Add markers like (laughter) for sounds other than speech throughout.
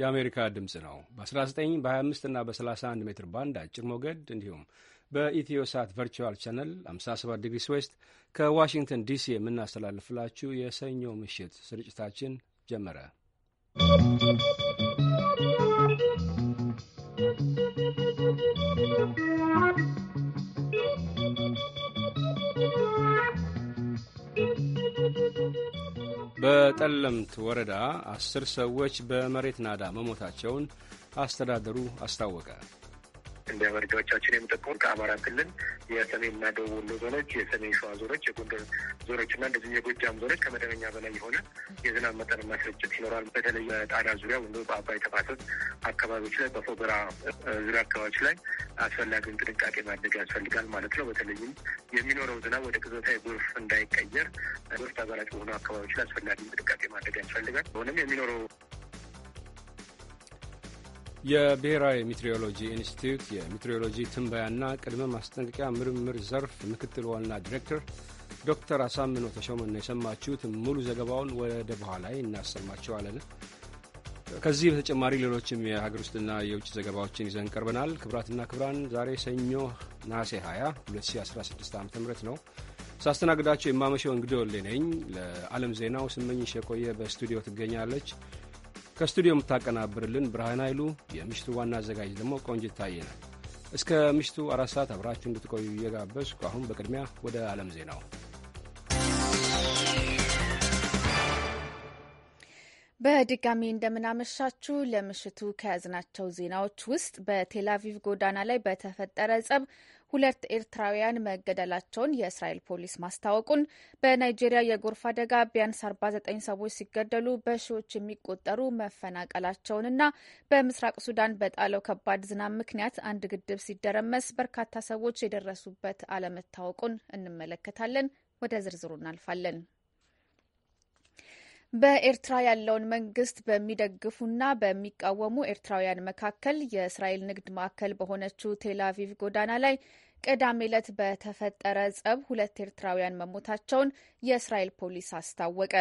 የአሜሪካ ድምፅ ነው። በ19 በ25 እና በ31 ሜትር ባንድ አጭር ሞገድ እንዲሁም በኢትዮ ሳት ቨርቹዋል ቻነል 57 ዲግሪ ስዌስት ከዋሽንግተን ዲሲ የምናስተላልፍላችሁ የሰኞ ምሽት ስርጭታችን ጀመረ። በጠለምት ወረዳ አስር ሰዎች በመሬት ናዳ መሞታቸውን አስተዳደሩ አስታወቀ። እንደ መረጃዎቻችን የሚጠቁሙት ከአማራ ክልል የሰሜንና ደቡብ ወሎ ዞኖች፣ የሰሜን ሸዋ ዞኖች፣ የጎንደር ዞኖች እና እንደዚህ የጎጃም ዞኖች ከመደበኛ በላይ የሆነ የዝናብ መጠን ማስረጭት ይኖራል። በተለይ ጣና ዙሪያ ወ በአባይ ተፋሰስ አካባቢዎች ላይ በፎገራ ዙሪያ አካባቢዎች ላይ አስፈላጊውን ጥንቃቄ ማድረግ ያስፈልጋል ማለት ነው። በተለይም የሚኖረው ዝናብ ወደ ቅጽበታዊ ጎርፍ እንዳይቀየር ጎርፍ ተጋላጭ በሆኑ አካባቢዎች ላይ አስፈላጊውን ጥንቃቄ ማድረግ ያስፈልጋል። ሆነም የሚኖረው የብሔራዊ ሜትሮሎጂ ኢንስቲትዩት የሜትሮሎጂ ትንበያና ቅድመ ማስጠንቀቂያ ምርምር ዘርፍ ምክትል ዋና ዲሬክተር ዶክተር አሳምኖ ተሾመን የሰማችሁት። ሙሉ ዘገባውን ወደ በኋላ ላይ እናሰማችኋለን። ከዚህ በተጨማሪ ሌሎችም የሀገር ውስጥና የውጭ ዘገባዎችን ይዘን ቀርበናል። ክብራትና ክብራን ዛሬ ሰኞ ነሐሴ 20 2016 ዓ ም ነው ሳስተናግዳቸው የማመሸው እንግዲህ ወሌ ነኝ። ለዓለም ዜናው ስመኝሽ የቆየ በስቱዲዮ ትገኛለች። ከስቱዲዮ የምታቀናብርልን ብርሃን ኃይሉ፣ የምሽቱ ዋና አዘጋጅ ደግሞ ቆንጅት ታዬ ነው። እስከ ምሽቱ አራት ሰዓት አብራችሁ እንድትቆዩ እየጋበዝኩ አሁን በቅድሚያ ወደ ዓለም ዜናው በድጋሚ እንደምናመሻችሁ ለምሽቱ ከያዝናቸው ዜናዎች ውስጥ በቴላቪቭ ጎዳና ላይ በተፈጠረ ጸብ ሁለት ኤርትራውያን መገደላቸውን የእስራኤል ፖሊስ ማስታወቁን፣ በናይጄሪያ የጎርፍ አደጋ ቢያንስ 49 ሰዎች ሲገደሉ በሺዎች የሚቆጠሩ መፈናቀላቸውንና በምስራቅ ሱዳን በጣለው ከባድ ዝናብ ምክንያት አንድ ግድብ ሲደረመስ በርካታ ሰዎች የደረሱበት አለመታወቁን እንመለከታለን። ወደ ዝርዝሩ እናልፋለን። በኤርትራ ያለውን መንግስት በሚደግፉና በሚቃወሙ ኤርትራውያን መካከል የእስራኤል ንግድ ማዕከል በሆነችው ቴላቪቭ ጎዳና ላይ ቅዳሜ ዕለት በተፈጠረ ጸብ ሁለት ኤርትራውያን መሞታቸውን የእስራኤል ፖሊስ አስታወቀ።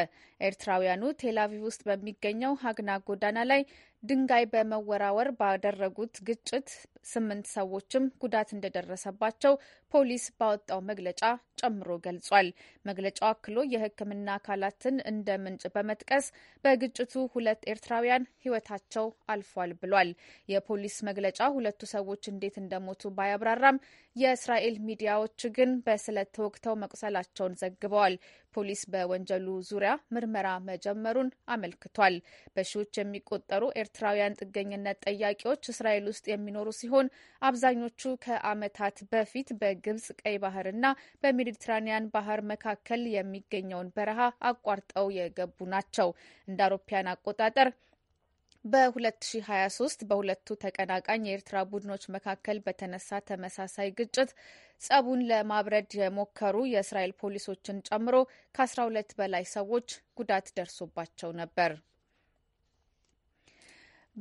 ኤርትራውያኑ ቴላቪቭ ውስጥ በሚገኘው ሀግና ጎዳና ላይ ድንጋይ በመወራወር ባደረጉት ግጭት ስምንት ሰዎችም ጉዳት እንደደረሰባቸው ፖሊስ ባወጣው መግለጫ ጨምሮ ገልጿል። መግለጫው አክሎ የሕክምና አካላትን እንደ ምንጭ በመጥቀስ በግጭቱ ሁለት ኤርትራውያን ሕይወታቸው አልፏል ብሏል። የፖሊስ መግለጫ ሁለቱ ሰዎች እንዴት እንደሞቱ ባያብራራም የእስራኤል ሚዲያዎች ግን በስለት ተወግተው መቁሰላቸውን ዘግበዋል። ፖሊስ በወንጀሉ ዙሪያ ምርመራ መጀመሩን አመልክቷል። በሺዎች የሚቆጠሩ ኤርትራውያን ጥገኝነት ጠያቂዎች እስራኤል ውስጥ የሚኖሩ ሲሆን አብዛኞቹ ከዓመታት በፊት በግብጽ ቀይ ባህርና በሜዲትራኒያን ባህር መካከል የሚገኘውን በረሃ አቋርጠው የገቡ ናቸው እንደ አውሮፓያን አቆጣጠር በ2023 በሁለቱ ተቀናቃኝ የኤርትራ ቡድኖች መካከል በተነሳ ተመሳሳይ ግጭት ጸቡን ለማብረድ የሞከሩ የእስራኤል ፖሊሶችን ጨምሮ ከ12 በላይ ሰዎች ጉዳት ደርሶባቸው ነበር።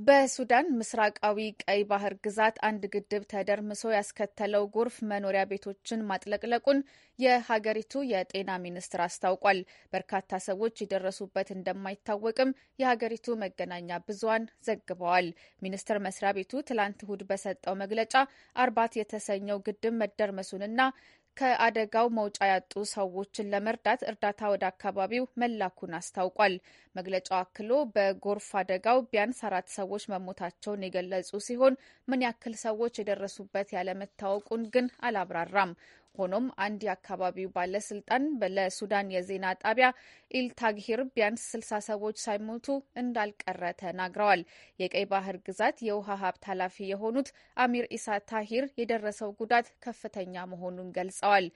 በሱዳን ምስራቃዊ ቀይ ባህር ግዛት አንድ ግድብ ተደርምሶ ያስከተለው ጎርፍ መኖሪያ ቤቶችን ማጥለቅለቁን የሀገሪቱ የጤና ሚኒስትር አስታውቋል። በርካታ ሰዎች የደረሱበት እንደማይታወቅም የሀገሪቱ መገናኛ ብዙሃን ዘግበዋል። ሚኒስቴር መስሪያ ቤቱ ትላንት እሁድ በሰጠው መግለጫ አርባት የተሰኘው ግድብ መደርመሱንና ከአደጋው መውጫ ያጡ ሰዎችን ለመርዳት እርዳታ ወደ አካባቢው መላኩን አስታውቋል። መግለጫው አክሎ በጎርፍ አደጋው ቢያንስ አራት ሰዎች መሞታቸውን የገለጹ ሲሆን ምን ያክል ሰዎች የደረሱበት ያለመታወቁን ግን አላብራራም። ሆኖም አንድ የአካባቢው ባለስልጣን ለሱዳን የዜና ጣቢያ ኢልታግሂር ቢያንስ ስልሳ ሰዎች ሳይሞቱ እንዳልቀረ ተናግረዋል። የቀይ ባህር ግዛት የውሃ ሀብት ኃላፊ የሆኑት አሚር ኢሳ ታሂር የደረሰው ጉዳት ከፍተኛ መሆኑን ገልጸዋል።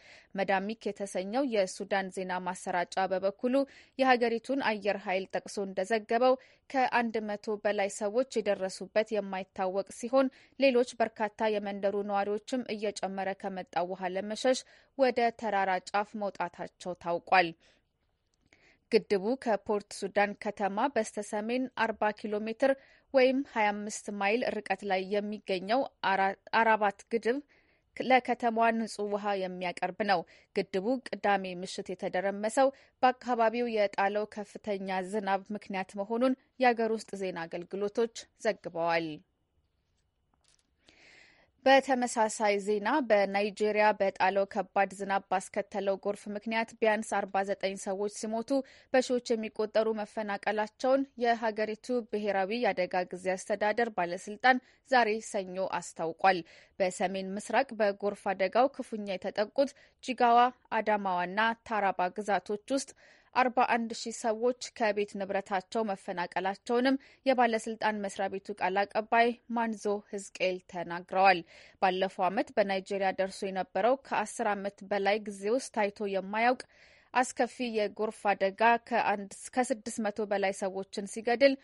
መዳሚክ የተሰኘው የሱዳን ዜና ማሰራጫ በበኩሉ የሀገሪቱን አየር ኃይል ጠቅሶ እንደዘገበው ከአንድ መቶ በላይ ሰዎች የደረሱበት የማይታወቅ ሲሆን ሌሎች በርካታ የመንደሩ ነዋሪዎችም እየጨመረ ከመጣ ውሃ ለመሸሽ ወደ ተራራ ጫፍ መውጣታቸው ታውቋል። ግድቡ ከፖርት ሱዳን ከተማ በስተሰሜን 40 ኪሎ ሜትር ወይም 25 ማይል ርቀት ላይ የሚገኘው አራባት ግድብ ለከተማዋ ንጹህ ውሃ የሚያቀርብ ነው። ግድቡ ቅዳሜ ምሽት የተደረመሰው በአካባቢው የጣለው ከፍተኛ ዝናብ ምክንያት መሆኑን የአገር ውስጥ ዜና አገልግሎቶች ዘግበዋል። በተመሳሳይ ዜና በናይጄሪያ በጣለው ከባድ ዝናብ ባስከተለው ጎርፍ ምክንያት ቢያንስ 49 ሰዎች ሲሞቱ በሺዎች የሚቆጠሩ መፈናቀላቸውን የሀገሪቱ ብሔራዊ የአደጋ ጊዜ አስተዳደር ባለስልጣን ዛሬ ሰኞ አስታውቋል። በሰሜን ምስራቅ በጎርፍ አደጋው ክፉኛ የተጠቁት ጂጋዋ፣ አዳማዋና ታራባ ግዛቶች ውስጥ 41 ሺህ ሰዎች ከቤት ንብረታቸው መፈናቀላቸውንም የባለስልጣን መስሪያ ቤቱ ቃል አቀባይ ማንዞ ህዝቅኤል ተናግረዋል። ባለፈው ዓመት በናይጄሪያ ደርሶ የነበረው ከ10 ዓመት በላይ ጊዜ ውስጥ ታይቶ የማያውቅ አስከፊ የጎርፍ አደጋ ከ600 በላይ ሰዎችን ሲገድል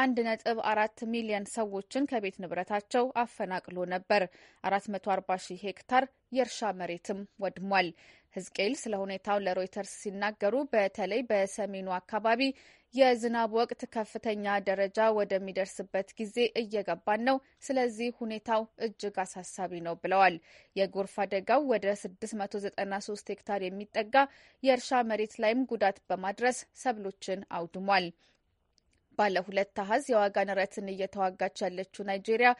አንድ ነጥብ አራት ሚሊዮን ሰዎችን ከቤት ንብረታቸው አፈናቅሎ ነበር። አራት መቶ አርባ ሺህ ሄክታር የእርሻ መሬትም ወድሟል። ህዝቅኤል ስለ ሁኔታው ለሮይተርስ ሲናገሩ በተለይ በሰሜኑ አካባቢ የዝናብ ወቅት ከፍተኛ ደረጃ ወደሚደርስበት ጊዜ እየገባን ነው። ስለዚህ ሁኔታው እጅግ አሳሳቢ ነው ብለዋል። የጎርፍ አደጋው ወደ 693 ሄክታር የሚጠጋ የእርሻ መሬት ላይም ጉዳት በማድረስ ሰብሎችን አውድሟል። ባለ ሁለት አሀዝ የዋጋ ንረትን እየተዋጋች ያለችው ናይጄሪያ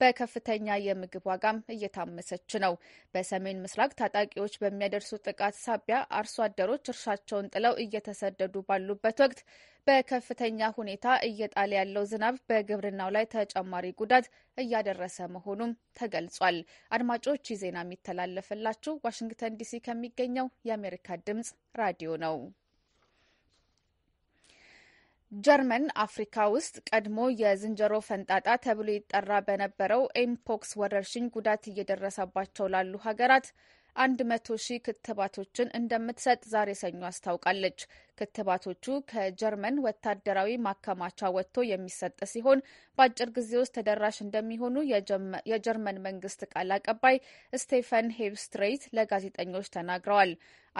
በከፍተኛ የምግብ ዋጋም እየታመሰች ነው። በሰሜን ምስራቅ ታጣቂዎች በሚያደርሱ ጥቃት ሳቢያ አርሶ አደሮች እርሻቸውን ጥለው እየተሰደዱ ባሉበት ወቅት በከፍተኛ ሁኔታ እየጣለ ያለው ዝናብ በግብርናው ላይ ተጨማሪ ጉዳት እያደረሰ መሆኑም ተገልጿል። አድማጮች ይህ ዜና የሚተላለፍላችሁ ዋሽንግተን ዲሲ ከሚገኘው የአሜሪካ ድምጽ ራዲዮ ነው። ጀርመን አፍሪካ ውስጥ ቀድሞ የዝንጀሮ ፈንጣጣ ተብሎ ይጠራ በነበረው ኤምፖክስ ወረርሽኝ ጉዳት እየደረሰባቸው ላሉ ሀገራት አንድ መቶ ሺህ ክትባቶችን እንደምትሰጥ ዛሬ ሰኞ አስታውቃለች። ክትባቶቹ ከጀርመን ወታደራዊ ማከማቻ ወጥቶ የሚሰጥ ሲሆን በአጭር ጊዜ ውስጥ ተደራሽ እንደሚሆኑ የጀርመን መንግስት ቃል አቀባይ ስቴፈን ሄብስትሬይት ለጋዜጠኞች ተናግረዋል።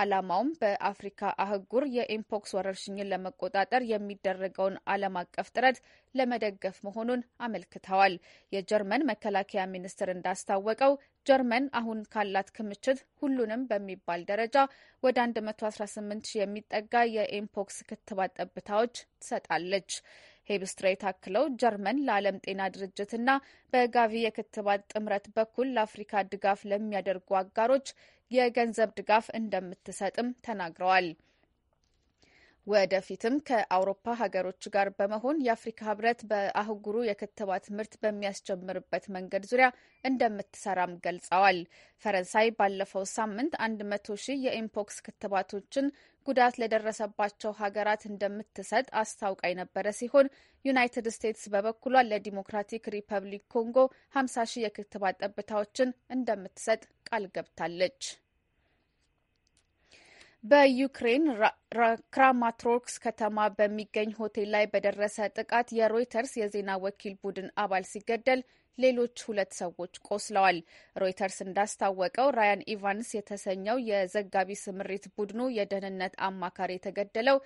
ዓላማውም በአፍሪካ አህጉር የኤምፖክስ ወረርሽኝን ለመቆጣጠር የሚደረገውን ዓለም አቀፍ ጥረት ለመደገፍ መሆኑን አመልክተዋል። የጀርመን መከላከያ ሚኒስትር እንዳስታወቀው ጀርመን አሁን ካላት ክምችት ሁሉንም በሚባል ደረጃ ወደ 118 የሚጠጋ የኤምፖክስ ክትባት ጠብታዎች ትሰጣለች። ሄብስትሬት አክለው ጀርመን ለዓለም ጤና ድርጅትና በጋቪ የክትባት ጥምረት በኩል ለአፍሪካ ድጋፍ ለሚያደርጉ አጋሮች የገንዘብ ድጋፍ እንደምትሰጥም ተናግረዋል። ወደፊትም ከአውሮፓ ሀገሮች ጋር በመሆን የአፍሪካ ህብረት በአህጉሩ የክትባት ምርት በሚያስጀምርበት መንገድ ዙሪያ እንደምትሰራም ገልጸዋል። ፈረንሳይ ባለፈው ሳምንት አንድ መቶ ሺህ የኢምፖክስ ክትባቶችን ጉዳት ለደረሰባቸው ሀገራት እንደምትሰጥ አስታውቃ የነበረ ሲሆን ዩናይትድ ስቴትስ በበኩሏ ለዲሞክራቲክ ሪፐብሊክ ኮንጎ ሀምሳ ሺህ የክትባት ጠብታዎችን እንደምትሰጥ ቃል ገብታለች። በዩክሬን ክራማትሮክስ ከተማ በሚገኝ ሆቴል ላይ በደረሰ ጥቃት የሮይተርስ የዜና ወኪል ቡድን አባል ሲገደል ሌሎች ሁለት ሰዎች ቆስለዋል። ሮይተርስ እንዳስታወቀው ራያን ኢቫንስ የተሰኘው የዘጋቢ ስምሪት ቡድኑ የደህንነት አማካሪ የተገደለው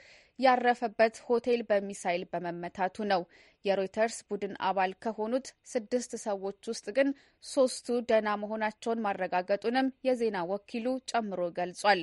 ያረፈበት ሆቴል በሚሳይል በመመታቱ ነው። የሮይተርስ ቡድን አባል ከሆኑት ስድስት ሰዎች ውስጥ ግን ሶስቱ ደህና መሆናቸውን ማረጋገጡንም የዜና ወኪሉ ጨምሮ ገልጿል።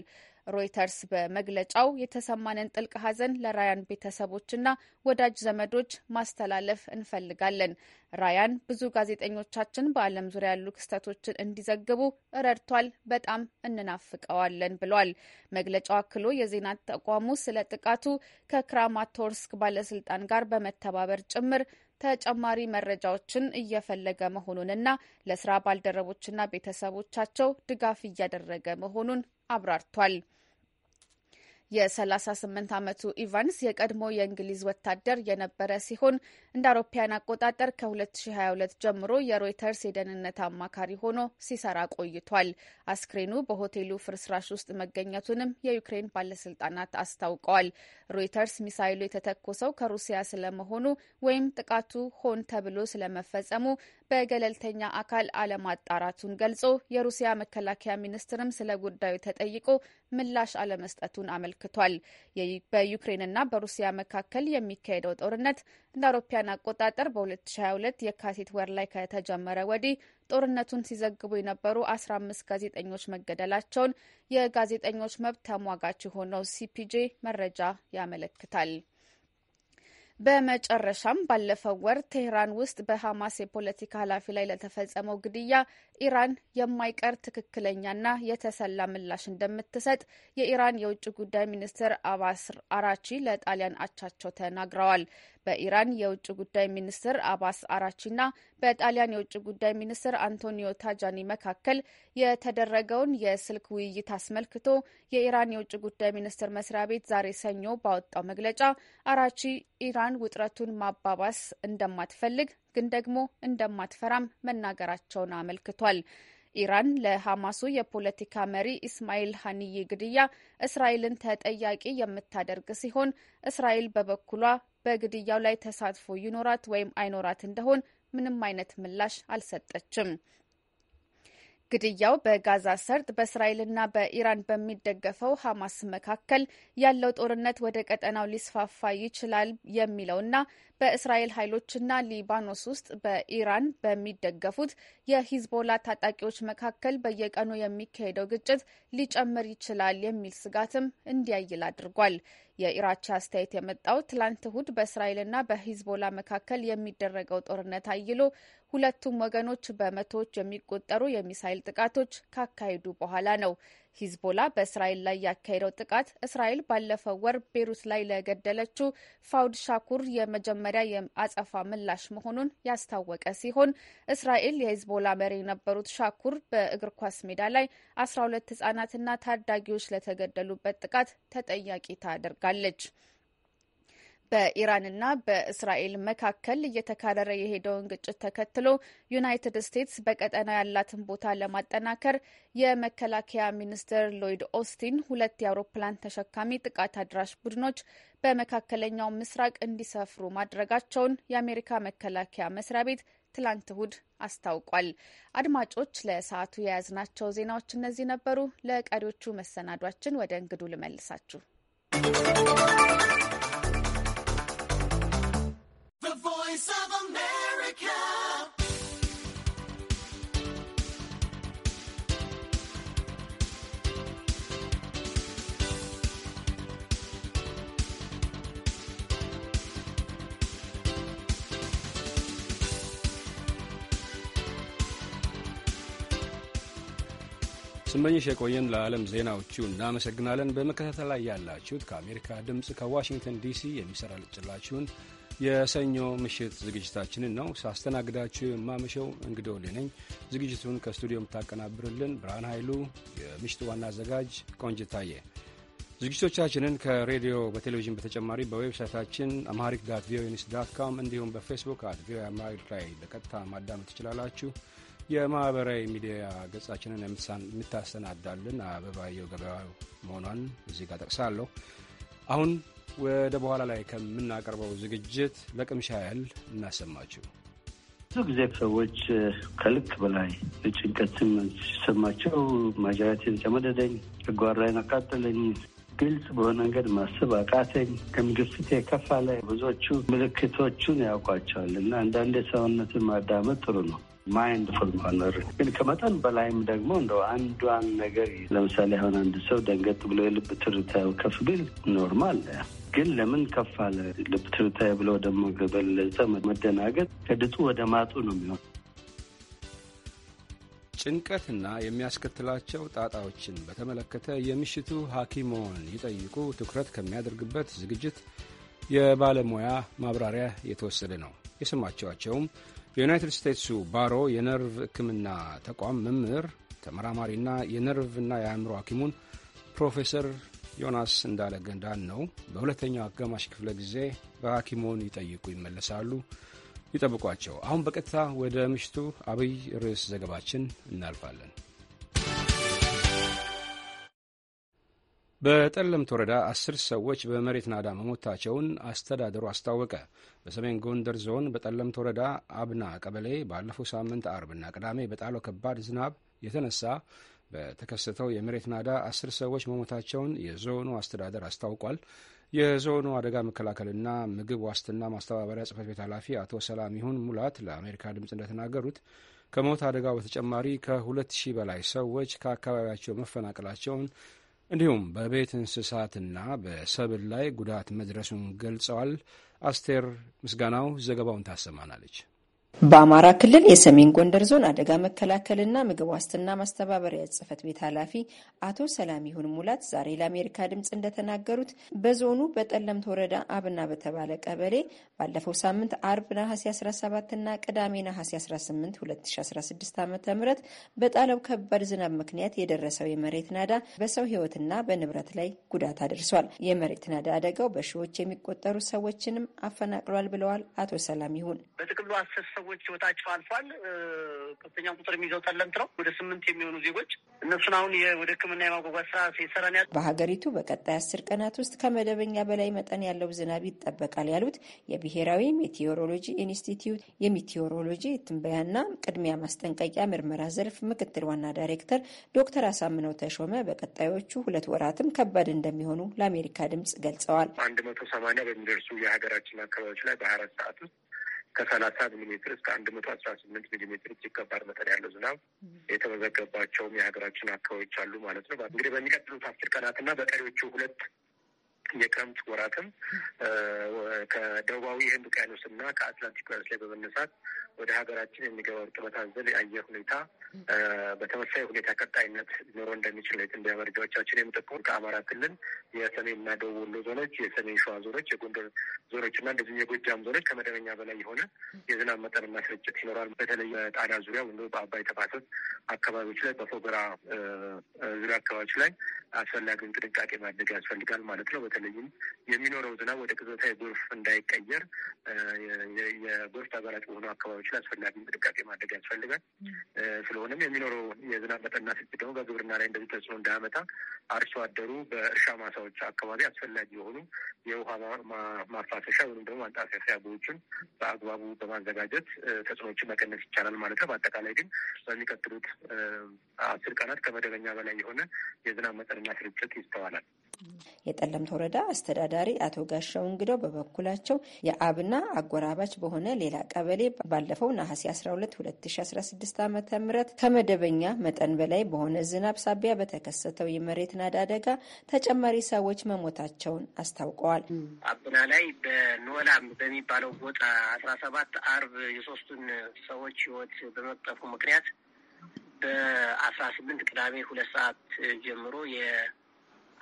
ሮይተርስ በመግለጫው የተሰማንን ጥልቅ ሐዘን ለራያን ቤተሰቦችና ወዳጅ ዘመዶች ማስተላለፍ እንፈልጋለን። ራያን ብዙ ጋዜጠኞቻችን በዓለም ዙሪያ ያሉ ክስተቶችን እንዲዘግቡ ረድቷል። በጣም እንናፍቀዋለን ብሏል። መግለጫው አክሎ የዜና ተቋሙ ስለ ጥቃቱ ከክራማቶርስክ ባለስልጣን ጋር በመተባበር ጭምር ተጨማሪ መረጃዎችን እየፈለገ መሆኑንና ለስራ ባልደረቦችና ቤተሰቦቻቸው ድጋፍ እያደረገ መሆኑን አብራርቷል። የ38 ዓመቱ ኢቫንስ የቀድሞ የእንግሊዝ ወታደር የነበረ ሲሆን እንደ አውሮፓያን አቆጣጠር ከ2022 ጀምሮ የሮይተርስ የደህንነት አማካሪ ሆኖ ሲሰራ ቆይቷል። አስክሬኑ በሆቴሉ ፍርስራሽ ውስጥ መገኘቱንም የዩክሬን ባለስልጣናት አስታውቀዋል። ሮይተርስ ሚሳይሉ የተተኮሰው ከሩሲያ ስለመሆኑ ወይም ጥቃቱ ሆን ተብሎ ስለመፈጸሙ በገለልተኛ አካል አለማጣራቱን ገልጾ የሩሲያ መከላከያ ሚኒስትርም ስለ ጉዳዩ ተጠይቆ ምላሽ አለመስጠቱን አመልክቷል። በዩክሬንና በሩሲያ መካከል የሚካሄደው ጦርነት እንደ አውሮፓያን አቆጣጠር በ2022 የካቲት ወር ላይ ከተጀመረ ወዲህ ጦርነቱን ሲዘግቡ የነበሩ 15 ጋዜጠኞች መገደላቸውን የጋዜጠኞች መብት ተሟጋች የሆነው ሲፒጄ መረጃ ያመለክታል። በመጨረሻም ባለፈው ወር ቴህራን ውስጥ በሐማስ የፖለቲካ ኃላፊ ላይ ለተፈጸመው ግድያ ኢራን የማይቀር ትክክለኛና የተሰላ ምላሽ እንደምትሰጥ የኢራን የውጭ ጉዳይ ሚኒስትር አባስ አራቺ ለጣሊያን አቻቸው ተናግረዋል። በኢራን የውጭ ጉዳይ ሚኒስትር አባስ አራቺና በጣሊያን የውጭ ጉዳይ ሚኒስትር አንቶኒዮ ታጃኒ መካከል የተደረገውን የስልክ ውይይት አስመልክቶ የኢራን የውጭ ጉዳይ ሚኒስትር መስሪያ ቤት ዛሬ ሰኞ ባወጣው መግለጫ አራቺ ኢራን ውጥረቱን ማባባስ እንደማትፈልግ ግን ደግሞ እንደማትፈራም መናገራቸውን አመልክቷል። ኢራን ለሐማሱ የፖለቲካ መሪ ኢስማኤል ሀኒዬ ግድያ እስራኤልን ተጠያቂ የምታደርግ ሲሆን እስራኤል በበኩሏ በግድያው ላይ ተሳትፎ ይኖራት ወይም አይኖራት እንደሆን ምንም አይነት ምላሽ አልሰጠችም። ግድያው በጋዛ ሰርጥ በእስራኤልና በኢራን በሚደገፈው ሐማስ መካከል ያለው ጦርነት ወደ ቀጠናው ሊስፋፋ ይችላል የሚለውና በእስራኤል ኃይሎችና ሊባኖስ ውስጥ በኢራን በሚደገፉት የሂዝቦላ ታጣቂዎች መካከል በየቀኑ የሚካሄደው ግጭት ሊጨምር ይችላል የሚል ስጋትም እንዲያይል አድርጓል። የኢራቻ አስተያየት የመጣው ትላንት እሁድ በእስራኤልና በሂዝቦላ መካከል የሚደረገው ጦርነት አይሎ ሁለቱም ወገኖች በመቶዎች የሚቆጠሩ የሚሳይል ጥቃቶች ካካሄዱ በኋላ ነው። ሂዝቦላ በእስራኤል ላይ ያካሄደው ጥቃት እስራኤል ባለፈው ወር ቤሩት ላይ ለገደለችው ፋውድ ሻኩር የመጀመሪያ የአጸፋ ምላሽ መሆኑን ያስታወቀ ሲሆን እስራኤል የሂዝቦላ መሪ የነበሩት ሻኩር በእግር ኳስ ሜዳ ላይ አስራ ሁለት ህጻናትና ታዳጊዎች ለተገደሉበት ጥቃት ተጠያቂ ታደርጋለች። በኢራንና በእስራኤል መካከል እየተካረረ የሄደውን ግጭት ተከትሎ ዩናይትድ ስቴትስ በቀጠናው ያላትን ቦታ ለማጠናከር የመከላከያ ሚኒስትር ሎይድ ኦስቲን ሁለት የአውሮፕላን ተሸካሚ ጥቃት አድራሽ ቡድኖች በመካከለኛው ምስራቅ እንዲሰፍሩ ማድረጋቸውን የአሜሪካ መከላከያ መስሪያ ቤት ትላንት እሁድ አስታውቋል። አድማጮች፣ ለሰዓቱ የያዝናቸው ዜናዎች እነዚህ ነበሩ። ለቀሪዎቹ መሰናዷችን ወደ እንግዱ ልመልሳችሁ። ስመኝሽ የቆየን ለዓለም ዜናዎቹ እናመሰግናለን። በመከታተል ላይ ያላችሁት ከአሜሪካ ድምፅ ከዋሽንግተን ዲሲ የሚሰራጭላችሁን የሰኞ ምሽት ዝግጅታችንን ነው። ሳስተናግዳችሁ የማመሸው እንግዲ ወሌ ነኝ። ዝግጅቱን ከስቱዲዮ የምታቀናብርልን ብርሃን ኃይሉ፣ የምሽቱ ዋና አዘጋጅ ታየ ዝግጅቶቻችንን ከሬዲዮ በቴሌቪዥን በተጨማሪ በዌብሳይታችን አማሪክ ዳት ቪኦኤ ኒውስ ዳት ካም እንዲሁም በፌስቡክ አት ቪኦኤ አምሃሪክ ላይ በቀጥታ ማዳመጥ ትችላላችሁ። የማህበራዊ ሚዲያ ገጻችንን የምታሰናዳልን አበባየው ገበያ መሆኗን እዚህ ጋር ጠቅሳለሁ። አሁን ወደ በኋላ ላይ ከምናቀርበው ዝግጅት ለቅምሻ ያህል እናሰማችሁ። ብዙ ጊዜ ሰዎች ከልክ በላይ ጭንቀትም ሲሰማቸው ማጀራቴን ተመደደኝ፣ ጨጓራዬን አቃጠለኝ፣ ግልጽ በሆነ መንገድ ማሰብ አቃተኝ፣ ከምግፍት የከፋ ላይ ብዙዎቹ ምልክቶቹን ያውቋቸዋል እና አንዳንዴ ሰውነትን ማዳመጥ ጥሩ ነው። ማይንድፉል መሆነር ግን ከመጠን በላይም ደግሞ እንደ አንዷን ነገር ለምሳሌ አሁን አንድ ሰው ደንገጥ ብሎ የልብ ትርታ ከፍ ቢል ኖርማል ግን ለምን ከፍ አለ ልብ ትርታ ብሎ ደግሞ ገበለጸ መደናገጥ ከድጡ ወደ ማጡ ነው የሚሆን ጭንቀትና የሚያስከትላቸው ጣጣዎችን በተመለከተ የምሽቱ ሐኪሞን ይጠይቁ ትኩረት ከሚያደርግበት ዝግጅት የባለሙያ ማብራሪያ የተወሰደ ነው። የሰማችኋቸውም የዩናይትድ ስቴትሱ ባሮ የነርቭ ሕክምና ተቋም መምህር ተመራማሪና የነርቭና የአእምሮ ሐኪሙን ፕሮፌሰር ዮናስ እንዳለ ገንዳን ነው። በሁለተኛው አጋማሽ ክፍለ ጊዜ በሐኪሞን ይጠይቁ ይመለሳሉ። ይጠብቋቸው። አሁን በቀጥታ ወደ ምሽቱ አብይ ርዕስ ዘገባችን እናልፋለን። በጠለምት ወረዳ አስር ሰዎች በመሬት ናዳ መሞታቸውን አስተዳደሩ አስታወቀ። በሰሜን ጎንደር ዞን በጠለምት ወረዳ አብና ቀበሌ ባለፈው ሳምንት አርብና ቅዳሜ በጣለው ከባድ ዝናብ የተነሳ በተከሰተው የመሬት ናዳ አስር ሰዎች መሞታቸውን የዞኑ አስተዳደር አስታውቋል። የዞኑ አደጋ መከላከልና ምግብ ዋስትና ማስተባበሪያ ጽፈት ቤት ኃላፊ አቶ ሰላም ይሁን ሙላት ለአሜሪካ ድምፅ እንደተናገሩት ከሞት አደጋው በተጨማሪ ከሁለት ሺህ በላይ ሰዎች ከአካባቢያቸው መፈናቀላቸውን እንዲሁም በቤት እንስሳትና በሰብል ላይ ጉዳት መድረሱን ገልጸዋል። አስቴር ምስጋናው ዘገባውን ታሰማናለች። በአማራ ክልል የሰሜን ጎንደር ዞን አደጋ መከላከልና ምግብ ዋስትና ማስተባበሪያ ጽፈት ቤት ኃላፊ አቶ ሰላም ይሁን ሙላት ዛሬ ለአሜሪካ ድምፅ እንደተናገሩት በዞኑ በጠለምት ወረዳ አብና በተባለ ቀበሌ ባለፈው ሳምንት አርብ ነሐሴ 17ና ቅዳሜ ነሐሴ 18 2016 ዓ ም በጣለው ከባድ ዝናብ ምክንያት የደረሰው የመሬት ናዳ በሰው ህይወትና በንብረት ላይ ጉዳት አድርሷል። የመሬት ናዳ አደጋው በሺዎች የሚቆጠሩ ሰዎችንም አፈናቅሏል ብለዋል አቶ ሰላም ይሁን ሰዎች ህይወታቸው አልፏል። ከፍተኛ ቁጥር የሚይዘው ጠለምት ነው። ወደ ስምንት የሚሆኑ ዜጎች እነሱን አሁን ወደ ሕክምና የማጓጓዝ ስራ ሴሰረን ያ በሀገሪቱ በቀጣይ አስር ቀናት ውስጥ ከመደበኛ በላይ መጠን ያለው ዝናብ ይጠበቃል ያሉት የብሔራዊ ሜቴዎሮሎጂ ኢንስቲትዩት የሜቴዎሮሎጂ ትንበያና ቅድሚያ ማስጠንቀቂያ ምርመራ ዘርፍ ምክትል ዋና ዳይሬክተር ዶክተር አሳምነው ተሾመ በቀጣዮቹ ሁለት ወራትም ከባድ እንደሚሆኑ ለአሜሪካ ድምጽ ገልጸዋል። አንድ መቶ ሰማኒያ በሚደርሱ የሀገራችን አካባቢዎች ላይ በሀያ አራት ሰዓት ውስጥ ከሰላሳ ሚሊሜትር እስከ አንድ መቶ አስራ ስምንት ሚሊሜትር እጅግ ከባድ መጠን ያለው ዝናብ የተመዘገባቸውም የሀገራችን አካባቢዎች አሉ ማለት ነው። እንግዲህ በሚቀጥሉት አስር ቀናትና በቀሪዎቹ ሁለት የክረምት ወራትም ከደቡባዊ ህንድ ውቅያኖስና ከአትላንቲክ ውቅያኖስ ላይ በመነሳት ወደ ሀገራችን የሚገባ እርጥበት አዘል የአየር ሁኔታ በተመሳሳይ ሁኔታ ቀጣይነት ኖሮ እንደሚችል የትንበያ መረጃዎቻችን የሚጠቁሙ ከአማራ ክልል የሰሜንና ደቡብ ወሎ ዞኖች፣ የሰሜን ሸዋ ዞኖች፣ የጎንደር ዞኖች እና እንደዚህ የጎጃም ዞኖች ከመደበኛ በላይ የሆነ የዝናብ መጠንና ስርጭት ይኖራል። በተለይ በጣና ዙሪያ ወይም በአባይ ተፋሰስ አካባቢዎች ላይ በፎገራ ዙሪያ አካባቢዎች ላይ አስፈላጊውን ጥንቃቄ ማድረግ ያስፈልጋል ማለት ነው። በተለይም የሚኖረው ዝናብ ወደ ቅጽበታዊ ጎርፍ እንዳይቀየር የጎርፍ ተጋላጭ በሆኑ አካባቢ ነገሮችን አስፈላጊ ጥንቃቄ ማድረግ ያስፈልጋል። ስለሆነም የሚኖረው የዝናብ መጠንና ስርጭት ደግሞ በግብርና ላይ እንደዚህ ተጽዕኖ እንዳያመጣ አርሶ አደሩ በእርሻ ማሳዎች አካባቢ አስፈላጊ የሆኑ የውሃ ማፋሰሻ ወይም ደግሞ ማንጣፊያ ቦዮችን በአግባቡ በማዘጋጀት ተጽዕኖችን መቀነስ ይቻላል ማለት ነው። በአጠቃላይ ግን በሚቀጥሉት አስር ቀናት ከመደበኛ በላይ የሆነ የዝናብ መጠንና ስርጭት ይስተዋላል። የጠለምት ወረዳ አስተዳዳሪ አቶ ጋሻው እንግደው በበኩላቸው የአብና አጎራባች በሆነ ሌላ ቀበሌ ባለፈው ነሐሴ 12 2016 ዓ ም ከመደበኛ መጠን በላይ በሆነ ዝናብ ሳቢያ በተከሰተው የመሬት ናዳ አደጋ ተጨማሪ ሰዎች መሞታቸውን አስታውቀዋል። አብና ላይ በኖላም በሚባለው ቦታ አስራ ሰባት አርብ የሶስቱን ሰዎች ህይወት በመቅጠፉ ምክንያት በአስራ ስምንት ቅዳሜ ሁለት ሰዓት ጀምሮ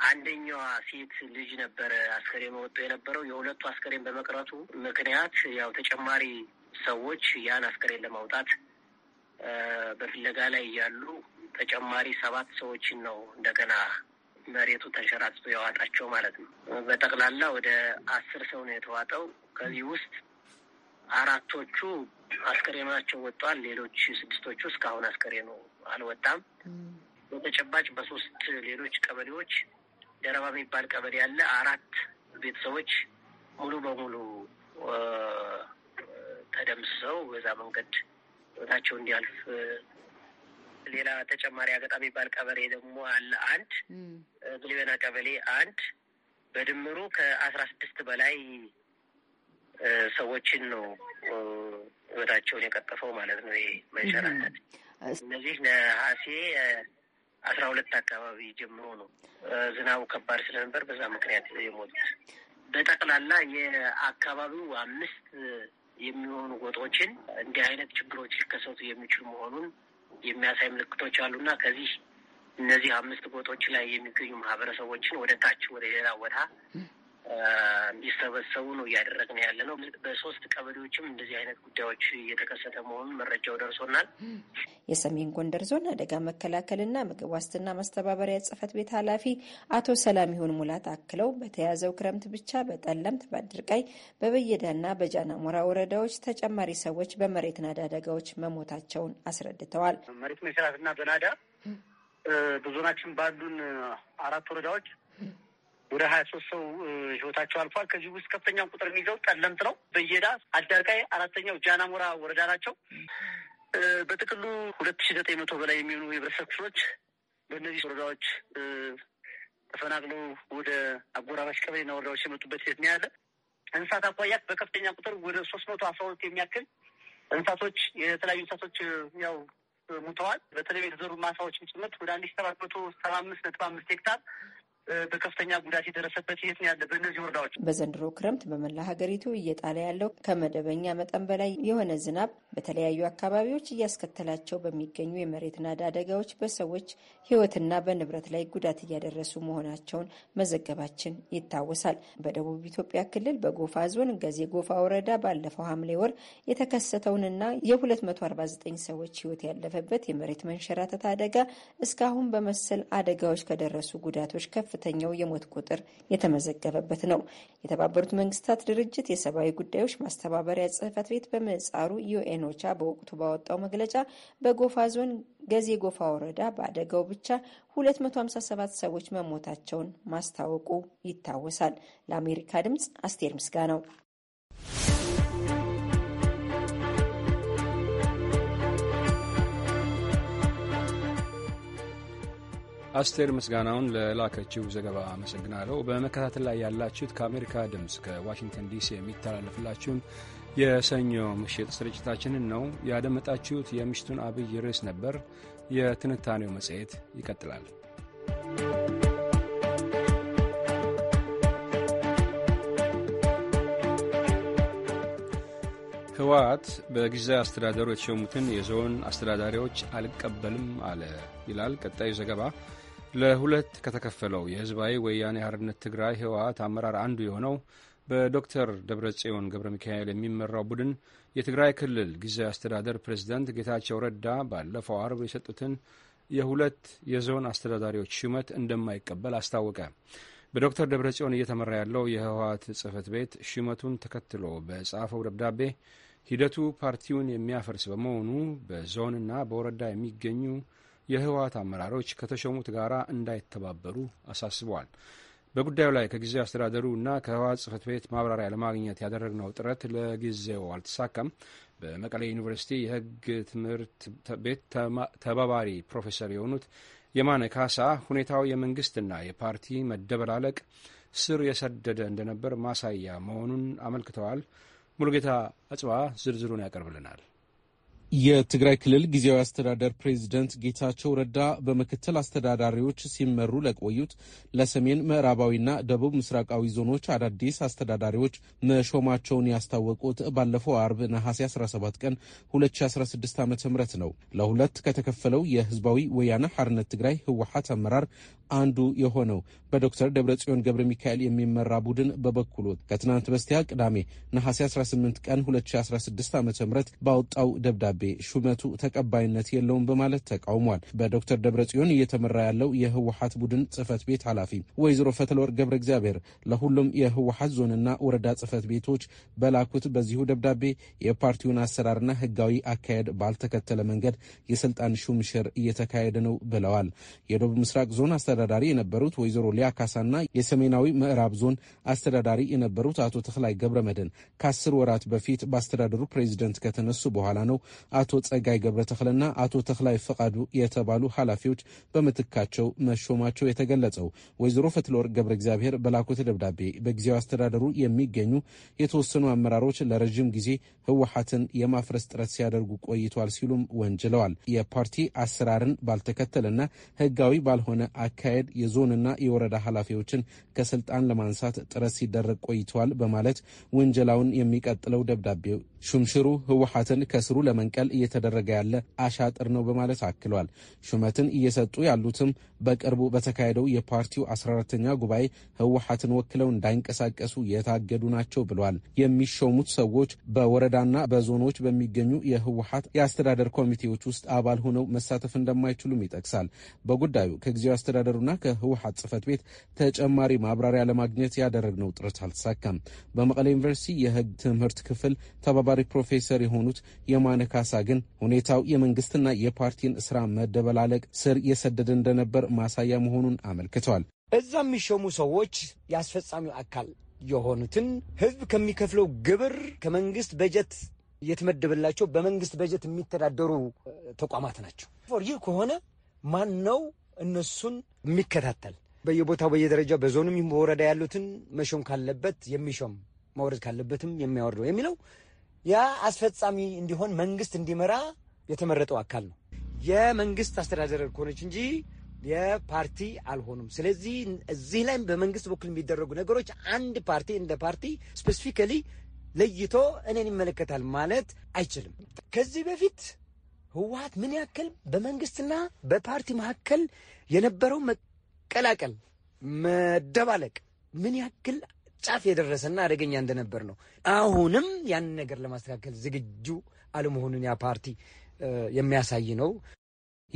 አንደኛዋ ሴት ልጅ ነበረ አስከሬን ወጥቶ የነበረው። የሁለቱ አስከሬን በመቅረቱ ምክንያት ያው ተጨማሪ ሰዎች ያን አስከሬን ለማውጣት በፍለጋ ላይ እያሉ ተጨማሪ ሰባት ሰዎችን ነው እንደገና መሬቱ ተንሸራትቶ ያዋጣቸው ማለት ነው። በጠቅላላ ወደ አስር ሰው ነው የተዋጠው። ከዚህ ውስጥ አራቶቹ አስከሬናቸው ወጥቷል። ሌሎች ስድስቶቹ እስካሁን አስከሬኑ አልወጣም። በተጨባጭ በሶስት ሌሎች ቀበሌዎች ደረባ የሚባል ቀበሌ ያለ አራት ቤተሰቦች ሙሉ በሙሉ ተደምስሰው በዛ መንገድ ህይወታቸው እንዲያልፍ ሌላ ተጨማሪ አገጣ የሚባል ቀበሌ ደግሞ አለ አንድ ግልቤና ቀበሌ አንድ በድምሩ ከአስራ ስድስት በላይ ሰዎችን ነው ህይወታቸውን የቀጠፈው ማለት ነው። ይሄ መንሸራተት እነዚህ ነሐሴ አስራ ሁለት አካባቢ ጀምሮ ነው ዝናቡ ከባድ ስለነበር በዛ ምክንያት የሞቱት። በጠቅላላ የአካባቢው አምስት የሚሆኑ ጎጦችን እንዲህ አይነት ችግሮች ሊከሰቱ የሚችሉ መሆኑን የሚያሳይ ምልክቶች አሉና ከዚህ እነዚህ አምስት ጎጦች ላይ የሚገኙ ማህበረሰቦችን ወደ ታች ወደ ሌላ ቦታ እንዲሰበሰቡ ነው እያደረግን ያለ ነው። በሶስት ቀበሌዎችም እንደዚህ አይነት ጉዳዮች እየተከሰተ መሆኑን መረጃው ደርሶናል። የሰሜን ጎንደር ዞን አደጋ መከላከልና ምግብ ዋስትና ማስተባበሪያ ጽህፈት ቤት ኃላፊ አቶ ሰላም ይሁን ሙላት አክለው በተያዘው ክረምት ብቻ በጠለምት፣ በአድርቃይ፣ በበየዳና በጃናሞራ ወረዳዎች ተጨማሪ ሰዎች በመሬት ናዳ አደጋዎች መሞታቸውን አስረድተዋል። መሬት መሰራትና በናዳ በዞናችን ባሉን አራት ወረዳዎች ወደ ሀያ ሶስት ሰው ህይወታቸው አልፏል። ከዚህ ውስጥ ከፍተኛውን ቁጥር የሚይዘው ጠለምት ነው። በየዳ አዳርቃይ፣ አራተኛው ጃናሞራ ወረዳ ናቸው። በጥቅሉ ሁለት ሺ ዘጠኝ መቶ በላይ የሚሆኑ የህብረተሰብ ክፍሎች በእነዚህ ወረዳዎች ተፈናቅለው ወደ አጎራባች ቀበሌና ወረዳዎች የመጡበት ሂደት ያለ። እንስሳት አኳያት በከፍተኛ ቁጥር ወደ ሶስት መቶ አስራ ሁለት የሚያክል እንስሳቶች የተለያዩ እንስሳቶች ያው ሙተዋል። በተለይ የተዘሩ ማሳዎች ጭምር ወደ አንድ ሺ ሰባት መቶ ሰባ አምስት ነጥብ አምስት ሄክታር በከፍተኛ ጉዳት የደረሰበት የት ነው ያለ በእነዚህ ወረዳዎች። በዘንድሮ ክረምት በመላ ሀገሪቱ እየጣለ ያለው ከመደበኛ መጠን በላይ የሆነ ዝናብ በተለያዩ አካባቢዎች እያስከተላቸው በሚገኙ የመሬት ናዳ አደጋዎች በሰዎች ህይወትና በንብረት ላይ ጉዳት እያደረሱ መሆናቸውን መዘገባችን ይታወሳል። በደቡብ ኢትዮጵያ ክልል በጎፋ ዞን ገዜ ጎፋ ወረዳ ባለፈው ሐምሌ ወር የተከሰተውንና የ249 ሰዎች ህይወት ያለፈበት የመሬት መንሸራተት አደጋ እስካሁን በመሰል አደጋዎች ከደረሱ ጉዳቶች ከፍ ከፍተኛው የሞት ቁጥር የተመዘገበበት ነው። የተባበሩት መንግስታት ድርጅት የሰብአዊ ጉዳዮች ማስተባበሪያ ጽህፈት ቤት በምህጻሩ ኦቻ በወቅቱ ባወጣው መግለጫ በጎፋ ዞን ገዜ ጎፋ ወረዳ በአደጋው ብቻ 257 ሰዎች መሞታቸውን ማስታወቁ ይታወሳል። ለአሜሪካ ድምፅ አስቴር ምስጋናው አስቴር ምስጋናውን ለላከችው ዘገባ አመሰግናለሁ። በመከታተል ላይ ያላችሁት ከአሜሪካ ድምፅ ከዋሽንግተን ዲሲ የሚተላለፍላችሁን የሰኞ ምሽት ስርጭታችንን ነው ያደመጣችሁት። የምሽቱን አብይ ርዕስ ነበር። የትንታኔው መጽሔት ይቀጥላል። ህወሓት በጊዜያዊ አስተዳደሩ የተሾሙትን የዞን አስተዳዳሪዎች አልቀበልም አለ ይላል ቀጣዩ ዘገባ። ለሁለት ከተከፈለው የህዝባዊ ወያኔ ሓርነት ትግራይ ህወሓት አመራር አንዱ የሆነው በዶክተር ደብረጽዮን ገብረ ሚካኤል የሚመራው ቡድን የትግራይ ክልል ጊዜያዊ አስተዳደር ፕሬዝዳንት ጌታቸው ረዳ ባለፈው አርብ የሰጡትን የሁለት የዞን አስተዳዳሪዎች ሹመት እንደማይቀበል አስታወቀ። በዶክተር ደብረጽዮን እየተመራ ያለው የህወሓት ጽህፈት ቤት ሹመቱን ተከትሎ በጻፈው ደብዳቤ ሂደቱ ፓርቲውን የሚያፈርስ በመሆኑ በዞንና በወረዳ የሚገኙ የህወሀት አመራሮች ከተሾሙት ጋር እንዳይተባበሩ አሳስበዋል። በጉዳዩ ላይ ከጊዜው አስተዳደሩ እና ከህወሀት ጽህፈት ቤት ማብራሪያ ለማግኘት ያደረግነው ጥረት ለጊዜው አልተሳካም። በመቀሌ ዩኒቨርሲቲ የህግ ትምህርት ቤት ተባባሪ ፕሮፌሰር የሆኑት የማነ ካሳ ሁኔታው የመንግስትና የፓርቲ መደበላለቅ ስር የሰደደ እንደነበር ማሳያ መሆኑን አመልክተዋል። ሙሉጌታ አጽባ ዝርዝሩን ያቀርብልናል። የትግራይ ክልል ጊዜያዊ አስተዳደር ፕሬዚደንት ጌታቸው ረዳ በምክትል አስተዳዳሪዎች ሲመሩ ለቆዩት ለሰሜን ምዕራባዊና ደቡብ ምስራቃዊ ዞኖች አዳዲስ አስተዳዳሪዎች መሾማቸውን ያስታወቁት ባለፈው አርብ ነሐሴ 17 ቀን 2016 ዓ ም ነው። ለሁለት ከተከፈለው የህዝባዊ ወያነ ሐርነት ትግራይ ህወሀት አመራር አንዱ የሆነው በዶክተር ደብረጽዮን ገብረ ሚካኤል የሚመራ ቡድን በበኩሉ ከትናንት በስቲያ ቅዳሜ ነሐሴ 18 ቀን 2016 ዓ ም ባወጣው ደብዳቤ ደብዳቤ ሹመቱ ተቀባይነት የለውም በማለት ተቃውሟል። በዶክተር ደብረጽዮን እየተመራ ያለው የህወሀት ቡድን ጽህፈት ቤት ኃላፊ ወይዘሮ ፈትለወርቅ ገብረ እግዚአብሔር ለሁሉም የህወሀት ዞንና ወረዳ ጽህፈት ቤቶች በላኩት በዚሁ ደብዳቤ የፓርቲውን አሰራርና ህጋዊ አካሄድ ባልተከተለ መንገድ የስልጣን ሹምሽር እየተካሄደ ነው ብለዋል። የደቡብ ምስራቅ ዞን አስተዳዳሪ የነበሩት ወይዘሮ ሊያ ካሳና የሰሜናዊ ምዕራብ ዞን አስተዳዳሪ የነበሩት አቶ ተክላይ ገብረ መድን ከአስር ወራት በፊት በአስተዳደሩ ፕሬዚደንት ከተነሱ በኋላ ነው አቶ ጸጋይ ገብረተክልና አቶ ተክላይ ፈቃዱ የተባሉ ኃላፊዎች በምትካቸው መሾማቸው የተገለጸው ወይዘሮ ፈትለወርቅ ገብረ እግዚአብሔር በላኩት ደብዳቤ በጊዜው አስተዳደሩ የሚገኙ የተወሰኑ አመራሮች ለረዥም ጊዜ ህወሀትን የማፍረስ ጥረት ሲያደርጉ ቆይተዋል ሲሉም ወንጅለዋል። የፓርቲ አሰራርን ባልተከተለና ህጋዊ ባልሆነ አካሄድ የዞንና የወረዳ ኃላፊዎችን ከስልጣን ለማንሳት ጥረት ሲደረግ ቆይተዋል በማለት ወንጀላውን የሚቀጥለው ደብዳቤው ሹምሽሩ ህወሓትን ከስሩ ለመንቀል እየተደረገ ያለ አሻጥር ነው በማለት አክሏል። ሹመትን እየሰጡ ያሉትም በቅርቡ በተካሄደው የፓርቲው 14ተኛ ጉባኤ ህወሓትን ወክለው እንዳይንቀሳቀሱ የታገዱ ናቸው ብሏል። የሚሾሙት ሰዎች በወረዳና በዞኖች በሚገኙ የህወሓት የአስተዳደር ኮሚቴዎች ውስጥ አባል ሆነው መሳተፍ እንደማይችሉም ይጠቅሳል። በጉዳዩ ከጊዜው አስተዳደሩና ከህወሓት ጽህፈት ቤት ተጨማሪ ማብራሪያ ለማግኘት ያደረግነው ጥረት አልተሳካም። በመቀሌ ዩኒቨርሲቲ የህግ ትምህርት ክፍል ተባባ ተባባሪ ፕሮፌሰር የሆኑት የማነ ካሳ ግን ሁኔታው የመንግስትና የፓርቲን ስራ መደበላለቅ ስር የሰደደ እንደነበር ማሳያ መሆኑን አመልክተዋል። እዛ የሚሾሙ ሰዎች የአስፈጻሚው አካል የሆኑትን ህዝብ ከሚከፍለው ግብር ከመንግስት በጀት የተመደበላቸው በመንግስት በጀት የሚተዳደሩ ተቋማት ናቸው። ይህ ከሆነ ማን ነው እነሱን የሚከታተል? በየቦታው በየደረጃው በዞንም በወረዳ ያሉትን መሾም ካለበት የሚሾም መውረድ ካለበትም የሚያወርደው የሚለው ያ አስፈጻሚ እንዲሆን መንግስት እንዲመራ የተመረጠው አካል ነው። የመንግስት አስተዳደር ከሆነች እንጂ የፓርቲ አልሆኑም። ስለዚህ እዚህ ላይ በመንግስት በኩል የሚደረጉ ነገሮች አንድ ፓርቲ እንደ ፓርቲ ስፔሲፊካሊ ለይቶ እኔን ይመለከታል ማለት አይችልም። ከዚህ በፊት ህወሀት ምን ያክል በመንግስትና በፓርቲ መካከል የነበረው መቀላቀል፣ መደባለቅ ምን ያክል ጫፍ የደረሰና አደገኛ እንደነበር ነው። አሁንም ያንን ነገር ለማስተካከል ዝግጁ አለመሆኑን ያ ፓርቲ የሚያሳይ ነው።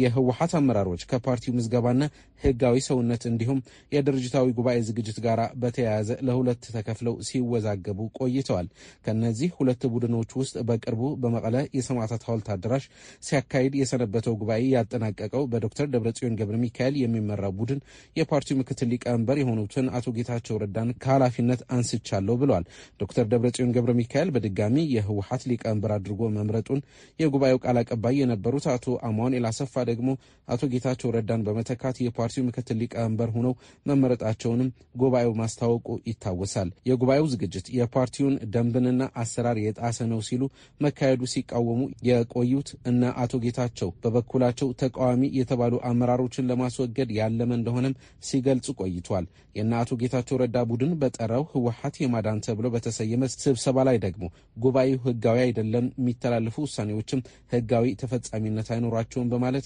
የህወሀት አመራሮች ከፓርቲው ምዝገባና ህጋዊ ሰውነት እንዲሁም የድርጅታዊ ጉባኤ ዝግጅት ጋር በተያያዘ ለሁለት ተከፍለው ሲወዛገቡ ቆይተዋል። ከነዚህ ሁለት ቡድኖች ውስጥ በቅርቡ በመቀለ የሰማዕታት ሐውልት አዳራሽ ሲያካሂድ የሰነበተው ጉባኤ ያጠናቀቀው በዶክተር ደብረጽዮን ገብረ ሚካኤል የሚመራው ቡድን የፓርቲው ምክትል ሊቀመንበር የሆኑትን አቶ ጌታቸው ረዳን ከኃላፊነት አንስቻለሁ ብለዋል። ዶክተር ደብረጽዮን ገብረ ሚካኤል በድጋሚ የህወሀት ሊቀመንበር አድርጎ መምረጡን የጉባኤው ቃል አቀባይ የነበሩት አቶ አማኑኤል አሰፋ ደግሞ አቶ ጌታቸው ረዳን በመተካት የፓርቲው ምክትል ሊቀመንበር ሆነው መመረጣቸውንም ጉባኤው ማስታወቁ ይታወሳል። የጉባኤው ዝግጅት የፓርቲውን ደንብንና አሰራር የጣሰ ነው ሲሉ መካሄዱ ሲቃወሙ የቆዩት እነ አቶ ጌታቸው በበኩላቸው ተቃዋሚ የተባሉ አመራሮችን ለማስወገድ ያለመ እንደሆነም ሲገልጹ ቆይቷል። የእነ አቶ ጌታቸው ረዳ ቡድን በጠራው ህወሀት የማዳን ተብሎ በተሰየመ ስብሰባ ላይ ደግሞ ጉባኤው ህጋዊ አይደለም፣ የሚተላለፉ ውሳኔዎችም ህጋዊ ተፈጻሚነት አይኖራቸውም በማለት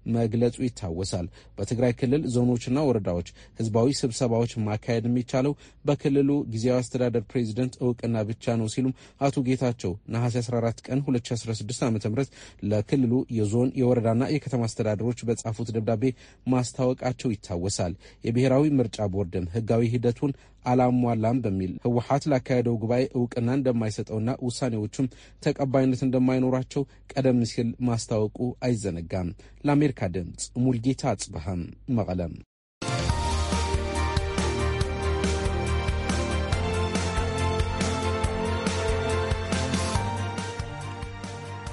መግለጹ ይታወሳል። በትግራይ ክልል ዞኖችና ወረዳዎች ህዝባዊ ስብሰባዎች ማካሄድ የሚቻለው በክልሉ ጊዜያዊ አስተዳደር ፕሬዚደንት እውቅና ብቻ ነው ሲሉም አቶ ጌታቸው ነሐሴ 14 ቀን 2016 ዓ ም ለክልሉ የዞን የወረዳና የከተማ አስተዳደሮች በጻፉት ደብዳቤ ማስታወቃቸው ይታወሳል። የብሔራዊ ምርጫ ቦርድም ህጋዊ ሂደቱን አላሟላም በሚል ህወሀት ላካሄደው ጉባኤ እውቅና እንደማይሰጠውና ውሳኔዎቹም ተቀባይነት እንደማይኖራቸው ቀደም ሲል ማስታወቁ አይዘነጋም። ለአሜሪካ ድምፅ ሙልጌታ አጽብሃም መቐለም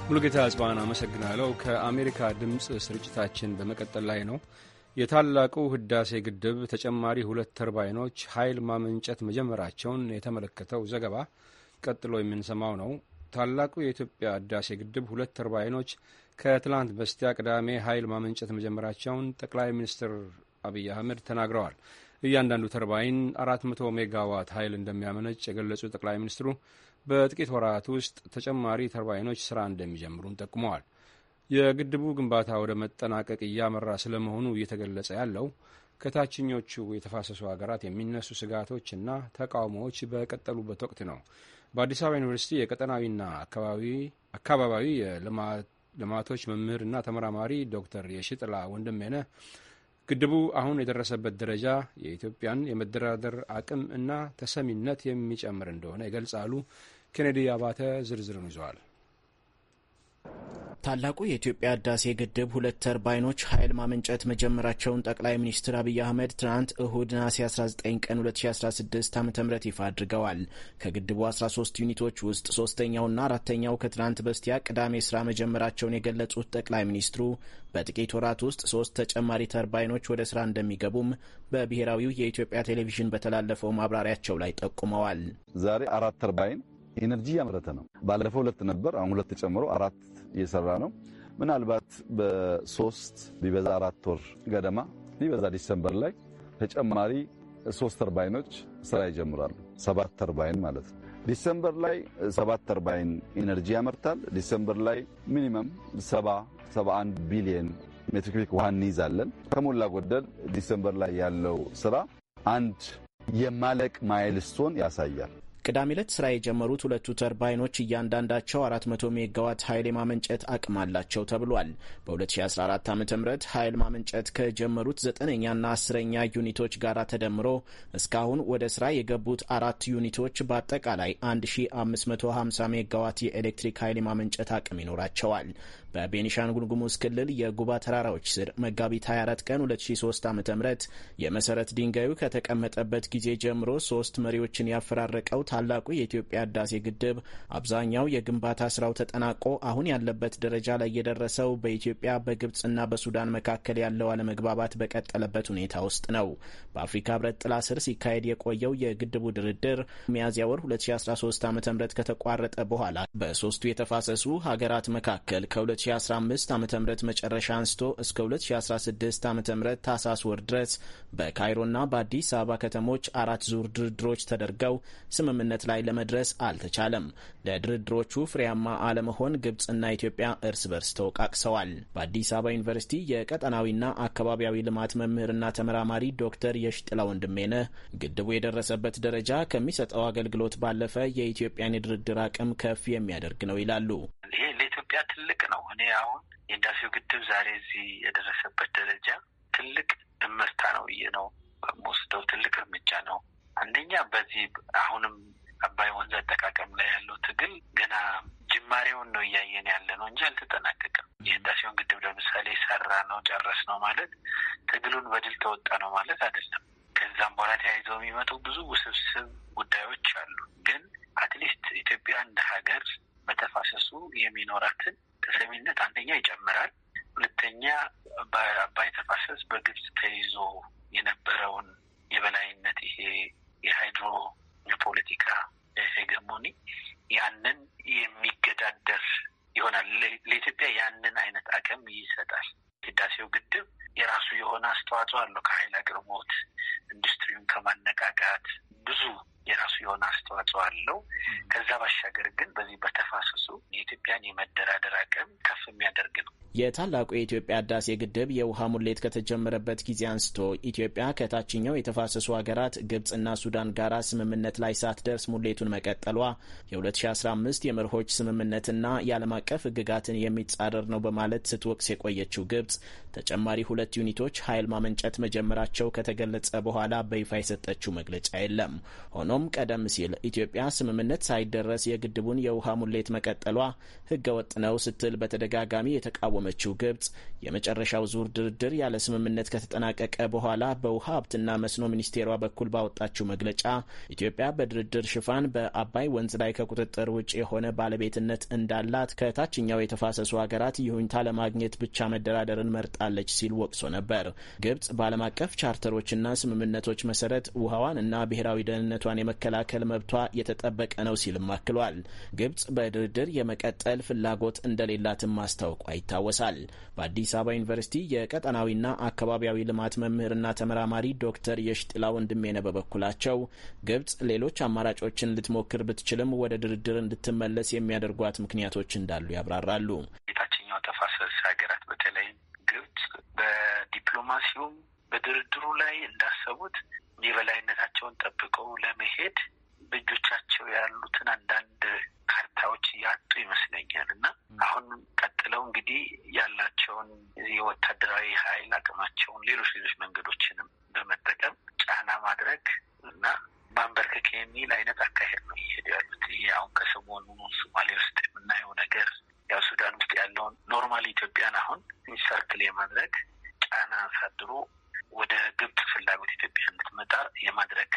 ሙሉጌታ አጽባን አመሰግናለሁ። ከአሜሪካ ድምፅ ስርጭታችን በመቀጠል ላይ ነው። የታላቁ ህዳሴ ግድብ ተጨማሪ ሁለት ተርባይኖች ኃይል ማመንጨት መጀመራቸውን የተመለከተው ዘገባ ቀጥሎ የምንሰማው ነው። ታላቁ የኢትዮጵያ ህዳሴ ግድብ ሁለት ተርባይኖች ከትላንት በስቲያ ቅዳሜ ኃይል ማመንጨት መጀመራቸውን ጠቅላይ ሚኒስትር አብይ አህመድ ተናግረዋል። እያንዳንዱ ተርባይን 400 ሜጋዋት ኃይል እንደሚያመነጭ የገለጹ ጠቅላይ ሚኒስትሩ በጥቂት ወራት ውስጥ ተጨማሪ ተርባይኖች ስራ እንደሚጀምሩን ጠቁመዋል። የግድቡ ግንባታ ወደ መጠናቀቅ እያመራ ስለመሆኑ እየተገለጸ ያለው ከታችኞቹ የተፋሰሱ ሀገራት የሚነሱ ስጋቶች እና ተቃውሞዎች በቀጠሉበት ወቅት ነው። በአዲስ አበባ ዩኒቨርሲቲ የቀጠናዊና አካባቢ የልማት ልማቶች መምህርና ተመራማሪ ዶክተር የሽጥላ ወንድሜነ ግድቡ አሁን የደረሰበት ደረጃ የኢትዮጵያን የመደራደር አቅም እና ተሰሚነት የሚጨምር እንደሆነ ይገልጻሉ። ኬኔዲ አባተ ዝርዝሩን ይዘዋል። ታላቁ የኢትዮጵያ ህዳሴ ግድብ ሁለት ተርባይኖች ኃይል ማመንጨት መጀመራቸውን ጠቅላይ ሚኒስትር አብይ አህመድ ትናንት እሁድ ነሐሴ 19 ቀን 2016 ዓ ም ይፋ አድርገዋል። ከግድቡ 13 ዩኒቶች ውስጥ ሶስተኛውና አራተኛው ከትናንት በስቲያ ቅዳሜ ስራ መጀመራቸውን የገለጹት ጠቅላይ ሚኒስትሩ በጥቂት ወራት ውስጥ ሶስት ተጨማሪ ተርባይኖች ወደ ስራ እንደሚገቡም በብሔራዊው የኢትዮጵያ ቴሌቪዥን በተላለፈው ማብራሪያቸው ላይ ጠቁመዋል። ዛሬ አራት ተርባይን ኢነርጂ እያመረተ ነው። ባለፈው ሁለት ነበር። አሁን ሁለት ተጨምሮ አራት እየሰራ ነው። ምናልባት በሶስት ቢበዛ አራት ወር ገደማ ቢበዛ ዲሰምበር ላይ ተጨማሪ ሶስት ተርባይኖች ስራ ይጀምራሉ። ሰባት ተርባይን ማለት ነው። ዲሰምበር ላይ ሰባት ተርባይን ኢነርጂ ያመርታል። ዲሰምበር ላይ ሚኒመም ሰባ 71 ቢሊየን ሜትር ውሃ እንይዛለን። ከሞላ ጎደል ዲሰምበር ላይ ያለው ስራ አንድ የማለቅ ማይልስቶን ያሳያል። ቅዳሜ ዕለት ስራ የጀመሩት ሁለቱ ተርባይኖች እያንዳንዳቸው 400 ሜጋዋት ኃይል የማመንጨት አቅም አላቸው ተብሏል። በ2014 ዓ ም ኃይል ማመንጨት ከጀመሩት ዘጠነኛና አስረኛ ዩኒቶች ጋር ተደምሮ እስካሁን ወደ ስራ የገቡት አራት ዩኒቶች በአጠቃላይ 1550 ሜጋዋት የኤሌክትሪክ ኃይል የማመንጨት አቅም ይኖራቸዋል። በቤኒሻንጉል ጉሙዝ ክልል የጉባ ተራራዎች ስር መጋቢት 24 ቀን 2003 ዓ ም የመሰረት ድንጋዩ ከተቀመጠበት ጊዜ ጀምሮ ሶስት መሪዎችን ያፈራረቀው ታላቁ የኢትዮጵያ ህዳሴ ግድብ አብዛኛው የግንባታ ስራው ተጠናቆ አሁን ያለበት ደረጃ ላይ የደረሰው በኢትዮጵያ በግብፅና በሱዳን መካከል ያለው አለመግባባት በቀጠለበት ሁኔታ ውስጥ ነው። በአፍሪካ ህብረት ጥላ ስር ሲካሄድ የቆየው የግድቡ ድርድር ሚያዝያ ወር 2013 ዓ ም ከተቋረጠ በኋላ በሶስቱ የተፋሰሱ ሀገራት መካከል ከ 2015 ዓ ም መጨረሻ አንስቶ እስከ 2016 ዓ ም ታሳስ ወር ድረስ በካይሮና በአዲስ አበባ ከተሞች አራት ዙር ድርድሮች ተደርገው ስምምነት ላይ ለመድረስ አልተቻለም። ለድርድሮቹ ፍሬያማ አለመሆን ግብፅና ኢትዮጵያ እርስ በርስ ተወቃቅሰዋል። በአዲስ አበባ ዩኒቨርሲቲ የቀጠናዊና አካባቢያዊ ልማት መምህርና ተመራማሪ ዶክተር የሽጥላ ወንድሜነ ግድቡ የደረሰበት ደረጃ ከሚሰጠው አገልግሎት ባለፈ የኢትዮጵያን የድርድር አቅም ከፍ የሚያደርግ ነው ይላሉ። ይሄ ለኢትዮጵያ ትልቅ ነው። እኔ አሁን የህዳሴው ግድብ ዛሬ እዚህ የደረሰበት ደረጃ ትልቅ እመርታ ነው ብዬ ነው ወስደው ትልቅ እርምጃ ነው። አንደኛ በዚህ አሁንም አባይ ወንዝ አጠቃቀም ላይ ያለው ትግል ገና ጅማሬውን ነው እያየን ያለ ነው እንጂ አልተጠናቀቀም። የህዳሴውን ግድብ ለምሳሌ ሰራ ነው ጨረስ ነው ማለት ትግሉን በድል ተወጣ ነው ማለት አይደለም። ከዛም በኋላ ተያይዘው የሚመጡ ብዙ ውስብስብ ጉዳዮች አሉ። ግን አትሊስት ኢትዮጵያ እንደ ሀገር በተፋሰሱ የሚኖራትን ተሰሚነት አንደኛ ይጨምራል፣ ሁለተኛ በአባይ ተፋሰስ በግብጽ ተይዞ የነበረውን የበላይነት ይሄ የሃይድሮ የፖለቲካ ሄገሞኒ ያንን የሚገዳደር ይሆናል። ለኢትዮጵያ ያንን አይነት አቅም ይሰጣል። ህዳሴው ግድብ የራሱ የሆነ አስተዋጽኦ አለው ከሀይል አቅርቦት ኢንዱስትሪውን ከማነቃቃት ብዙ የራሱ የሆነ አስተዋጽኦ አለው። ከዛ ባሻገር ግን በዚህ በተፋሰሱ የኢትዮጵያን የመደራደር አቅም ከፍ የሚያደርግ ነው። የታላቁ የኢትዮጵያ ህዳሴ ግድብ የውሃ ሙሌት ከተጀመረበት ጊዜ አንስቶ ኢትዮጵያ ከታችኛው የተፋሰሱ ሀገራት ግብፅና ሱዳን ጋር ስምምነት ላይ ሳትደርስ ሙሌቱን መቀጠሏ የ2015 የመርሆች ስምምነትና የዓለም አቀፍ ህግጋትን የሚጻረር ነው በማለት ስትወቅስ የቆየችው ግብፅ ተጨማሪ ሁለት ዩኒቶች ኃይል ማመንጨት መጀመራቸው ከተገለጸ በኋላ በይፋ የሰጠችው መግለጫ የለም። ሆኖ ሆኖም ቀደም ሲል ኢትዮጵያ ስምምነት ሳይደረስ የግድቡን የውሃ ሙሌት መቀጠሏ ህገወጥ ነው ስትል በተደጋጋሚ የተቃወመችው ግብጽ የመጨረሻው ዙር ድርድር ያለ ስምምነት ከተጠናቀቀ በኋላ በውሃ ሀብትና መስኖ ሚኒስቴሯ በኩል ባወጣችው መግለጫ ኢትዮጵያ በድርድር ሽፋን በአባይ ወንዝ ላይ ከቁጥጥር ውጭ የሆነ ባለቤትነት እንዳላት ከታችኛው የተፋሰሱ ሀገራት ይሁኝታ ለማግኘት ብቻ መደራደርን መርጣለች ሲል ወቅሶ ነበር። ግብጽ በዓለም አቀፍ ቻርተሮችና ስምምነቶች መሰረት ውሃዋን እና ብሔራዊ ደህንነቷን የመከላከል መብቷ የተጠበቀ ነው ሲልም አክሏል። ግብጽ በድርድር የመቀጠል ፍላጎት እንደሌላትም ማስታወቋ ይታወሳል። በአዲስ አበባ ዩኒቨርሲቲ የቀጠናዊና አካባቢያዊ ልማት መምህርና ተመራማሪ ዶክተር የሽጥላ ወንድሜነ በበኩላቸው ግብጽ ሌሎች አማራጮችን ልትሞክር ብትችልም ወደ ድርድር እንድትመለስ የሚያደርጓት ምክንያቶች እንዳሉ ያብራራሉ። የታችኛው ተፋሰስ ሀገራት በተለይም ግብጽ በዲፕሎማሲውም በድርድሩ ላይ እንዳሰቡት የበላይነታቸውን ጠብቀው ለመሄድ በእጆቻቸው ያሉትን አንዳንድ ካርታዎች ያጡ ይመስለኛል እና አሁን ቀጥለው እንግዲህ ያላቸውን የወታደራዊ ኃይል አቅማቸውን፣ ሌሎች ሌሎች መንገዶችንም በመጠቀም ጫና ማድረግ እና ማንበርከክ የሚል አይነት አካሄድ ነው እየሄዱ ያሉት። ይሄ አሁን ከሰሞኑ ሶማሌ ውስጥ የምናየው ነገር ያው ሱዳን ውስጥ ያለውን ኖርማል ኢትዮጵያን አሁን ኢንሰርክል የማድረግ ጫና አሳድሮ ወደ ግብፅ ፍላጎት ኢትዮጵያ እንድትመጣ የማድረግ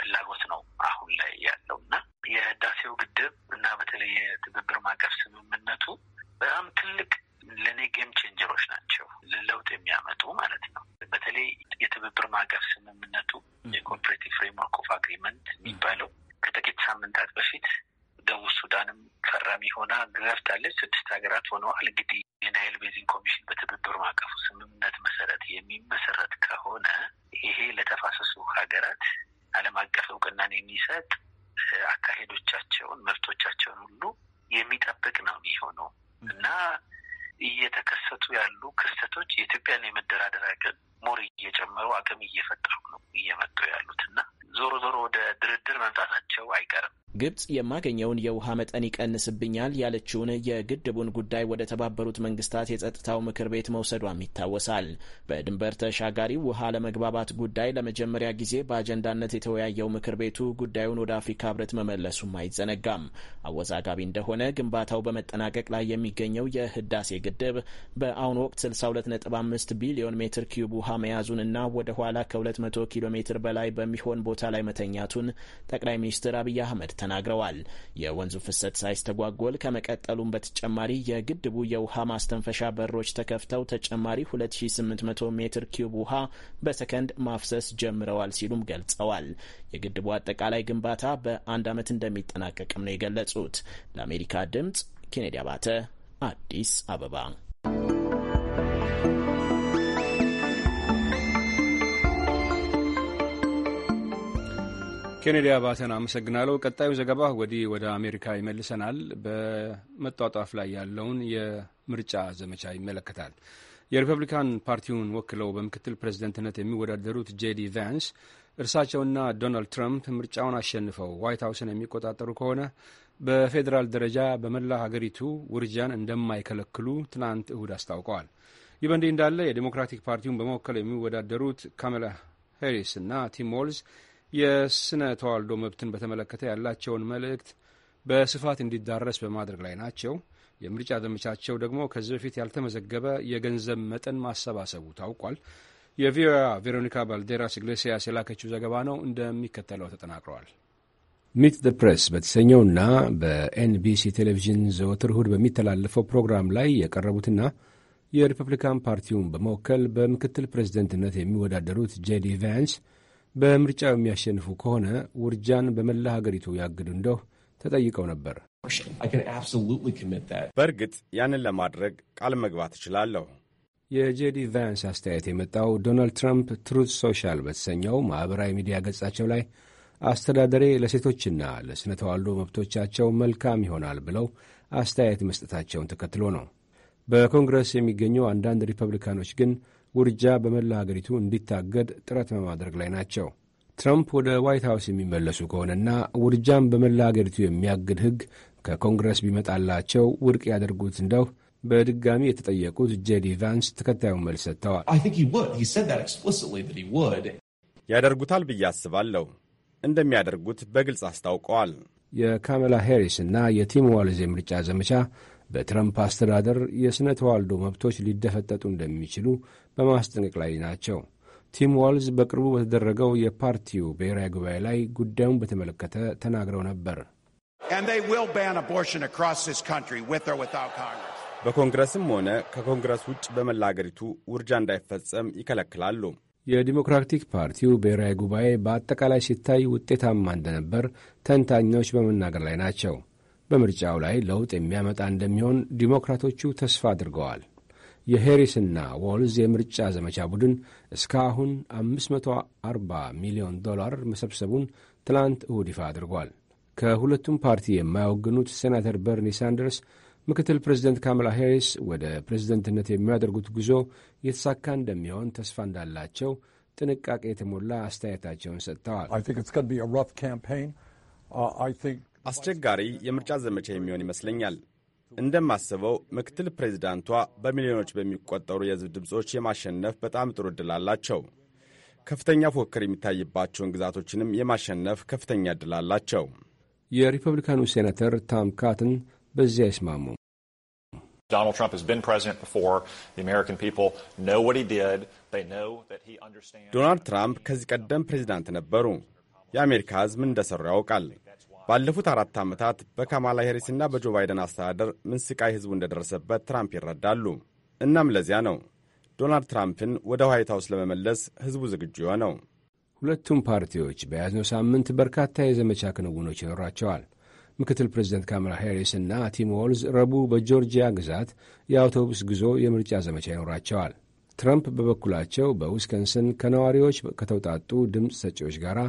ፍላጎት ነው አሁን ላይ ያለው እና የህዳሴው ግድብ እና በተለይ የትብብር ማዕቀፍ ስምምነቱ በጣም ትልቅ ለእኔ ጌም ቼንጀሮች ናቸው፣ ለለውጥ የሚያመጡ ማለት ነው። በተለይ የትብብር ማዕቀፍ ስምምነቱ የኮኦፕሬቲቭ ፍሬምወርክ ኦፍ አግሪመንት የሚባለው ከጥቂት ሳምንታት በፊት ደቡብ ሱዳንም ፈራሚ ሆና ገብታለች። ስድስት ሀገራት ሆነዋል። እንግዲህ የናይል ቤዚን ኮሚሽን በትብብር ማዕቀፉ ስምምነት መሰረት የሚመሰረት ከሆነ ይሄ ለተፋሰሱ ሀገራት ዓለም አቀፍ እውቅናን የሚሰጥ አካሄዶቻቸውን፣ መብቶቻቸውን ሁሉ የሚጠብቅ ነው የሚሆነው እና እየተከሰቱ ያሉ ክስተቶች የኢትዮጵያን የመደራደር አቅም ሞር እየጨመሩ አቅም እየፈጠሩ ነው እየመጡ ያሉት እና ዞሮ ዞሮ ወደ ድርድር መምጣታቸው አይቀርም። ግብጽ የማገኘውን የውሃ መጠን ይቀንስብኛል ያለችውን የግድቡን ጉዳይ ወደ ተባበሩት መንግስታት የጸጥታው ምክር ቤት መውሰዷም ይታወሳል። በድንበር ተሻጋሪ ውሃ ለመግባባት ጉዳይ ለመጀመሪያ ጊዜ በአጀንዳነት የተወያየው ምክር ቤቱ ጉዳዩን ወደ አፍሪካ ህብረት መመለሱም አይዘነጋም። አወዛጋቢ እንደሆነ ግንባታው በመጠናቀቅ ላይ የሚገኘው የህዳሴ ግድብ በአሁኑ ወቅት 625 ቢሊዮን ሜትር ኪዩብ ውሃ መያዙንና ወደ ኋላ ከ200 ኪሎ ሜትር በላይ በሚሆን ቦታ ላይ መተኛቱን ጠቅላይ ሚኒስትር አብይ አህመድ ተናግረዋል። የወንዙ ፍሰት ሳይስተጓጎል ከመቀጠሉም በተጨማሪ የግድቡ የውሃ ማስተንፈሻ በሮች ተከፍተው ተጨማሪ 2800 ሜትር ኪዩብ ውሃ በሰከንድ ማፍሰስ ጀምረዋል ሲሉም ገልጸዋል። የግድቡ አጠቃላይ ግንባታ በአንድ ዓመት እንደሚጠናቀቅም ነው የገለጹት። ለአሜሪካ ድምጽ ኬኔዲ አባተ አዲስ አበባ ኬኔዲ አባተን አመሰግናለሁ። ቀጣዩ ዘገባ ወዲህ ወደ አሜሪካ ይመልሰናል። በመጧጧፍ ላይ ያለውን የምርጫ ዘመቻ ይመለከታል። የሪፐብሊካን ፓርቲውን ወክለው በምክትል ፕሬዝደንትነት የሚወዳደሩት ጄዲ ቫንስ እርሳቸውና ዶናልድ ትራምፕ ምርጫውን አሸንፈው ዋይት ሀውስን የሚቆጣጠሩ ከሆነ በፌዴራል ደረጃ በመላ ሀገሪቱ ውርጃን እንደማይከለክሉ ትናንት እሁድ አስታውቀዋል። ይህ በእንዲህ እንዳለ የዴሞክራቲክ ፓርቲውን በመወከል የሚወዳደሩት ካማላ ሄሪስ እና ቲም ሞልዝ የስነ ተዋልዶ መብትን በተመለከተ ያላቸውን መልእክት በስፋት እንዲዳረስ በማድረግ ላይ ናቸው። የምርጫ ዘመቻቸው ደግሞ ከዚህ በፊት ያልተመዘገበ የገንዘብ መጠን ማሰባሰቡ ታውቋል። የቪኦኤ ቬሮኒካ ባልዴራስ ኢግሌሲያስ የላከችው ዘገባ ነው፣ እንደሚከተለው ተጠናቅረዋል። ሚት ዘ ፕሬስ በተሰኘውና በኤንቢሲ ቴሌቪዥን ዘወትር እሁድ በሚተላለፈው ፕሮግራም ላይ የቀረቡትና የሪፐብሊካን ፓርቲውን በመወከል በምክትል ፕሬዝደንትነት የሚወዳደሩት ጄዲ ቫንስ በምርጫው የሚያሸንፉ ከሆነ ውርጃን በመላ ሀገሪቱ ያግዱ እንደው ተጠይቀው ነበር። በእርግጥ ያንን ለማድረግ ቃል መግባት እችላለሁ። የጄዲ ቫንስ አስተያየት የመጣው ዶናልድ ትራምፕ ትሩት ሶሻል በተሰኘው ማኅበራዊ ሚዲያ ገጻቸው ላይ አስተዳደሬ ለሴቶችና ለሥነ ተዋልዶ መብቶቻቸው መልካም ይሆናል ብለው አስተያየት መስጠታቸውን ተከትሎ ነው። በኮንግረስ የሚገኙ አንዳንድ ሪፐብሊካኖች ግን ውርጃ በመላ ሀገሪቱ እንዲታገድ ጥረት በማድረግ ላይ ናቸው። ትራምፕ ወደ ዋይት ሀውስ የሚመለሱ ከሆነና ውርጃን በመላ ሀገሪቱ የሚያግድ ሕግ ከኮንግረስ ቢመጣላቸው ውድቅ ያደርጉት እንደው በድጋሚ የተጠየቁት ጄዲ ቫንስ ተከታዩን መልስ ሰጥተዋል። ያደርጉታል ብዬ አስባለሁ። እንደሚያደርጉት በግልጽ አስታውቀዋል። የካሜላ ሄሪስ እና የቲም ዋልዝ የምርጫ ዘመቻ በትረምፕ አስተዳደር የሥነ ተዋልዶ መብቶች ሊደፈጠጡ እንደሚችሉ በማስጠንቀቅ ላይ ናቸው። ቲም ዋልዝ በቅርቡ በተደረገው የፓርቲው ብሔራዊ ጉባኤ ላይ ጉዳዩን በተመለከተ ተናግረው ነበር። በኮንግረስም ሆነ ከኮንግረስ ውጭ በመላ አገሪቱ ውርጃ እንዳይፈጸም ይከለክላሉ። የዲሞክራቲክ ፓርቲው ብሔራዊ ጉባኤ በአጠቃላይ ሲታይ ውጤታማ እንደነበር ተንታኞች በመናገር ላይ ናቸው። በምርጫው ላይ ለውጥ የሚያመጣ እንደሚሆን ዲሞክራቶቹ ተስፋ አድርገዋል። የሄሪስና ዎልዝ የምርጫ ዘመቻ ቡድን እስካሁን 540 ሚሊዮን ዶላር መሰብሰቡን ትናንት እሁድ ይፋ አድርጓል። ከሁለቱም ፓርቲ የማያወግኑት ሴናተር በርኒ ሳንደርስ ምክትል ፕሬዚደንት ካማላ ሄሪስ ወደ ፕሬዝደንትነት የሚያደርጉት ጉዞ የተሳካ እንደሚሆን ተስፋ እንዳላቸው ጥንቃቄ የተሞላ አስተያየታቸውን ሰጥተዋል። uh, አስቸጋሪ የምርጫ ዘመቻ የሚሆን ይመስለኛል። እንደማስበው ምክትል ፕሬዚዳንቷ በሚሊዮኖች በሚቆጠሩ የህዝብ ድምፆች የማሸነፍ በጣም ጥሩ ዕድል አላቸው። ከፍተኛ ፉክክር የሚታይባቸውን ግዛቶችንም የማሸነፍ ከፍተኛ ዕድል አላቸው። የሪፐብሊካኑ ሴናተር ታም ካትን በዚህ አይስማሙ። ዶናልድ ትራምፕ ከዚህ ቀደም ፕሬዚዳንት ነበሩ። የአሜሪካ ህዝብ እንደሰሩ እንደሠሩ ያውቃል። ባለፉት አራት ዓመታት በካማላ ሄሪስና በጆ ባይደን አስተዳደር ምን ስቃይ እንደደረሰበት ትራምፕ ይረዳሉ። እናም ለዚያ ነው ዶናልድ ትራምፕን ወደ ዋይት ሀውስ ለመመለስ ሕዝቡ ዝግጁ የሆነው። ሁለቱም ፓርቲዎች በያዝነው ሳምንት በርካታ የዘመቻ ክንውኖች ይኖራቸዋል። ምክትል ፕሬዚደንት ካማላ ሄሪስ እና ቲም ዎልዝ ረቡዕ በጆርጂያ ግዛት የአውቶቡስ ጉዞ የምርጫ ዘመቻ ይኖራቸዋል። ትራምፕ በበኩላቸው በዊስከንስን ከነዋሪዎች ከተውጣጡ ድምፅ ሰጪዎች ጋር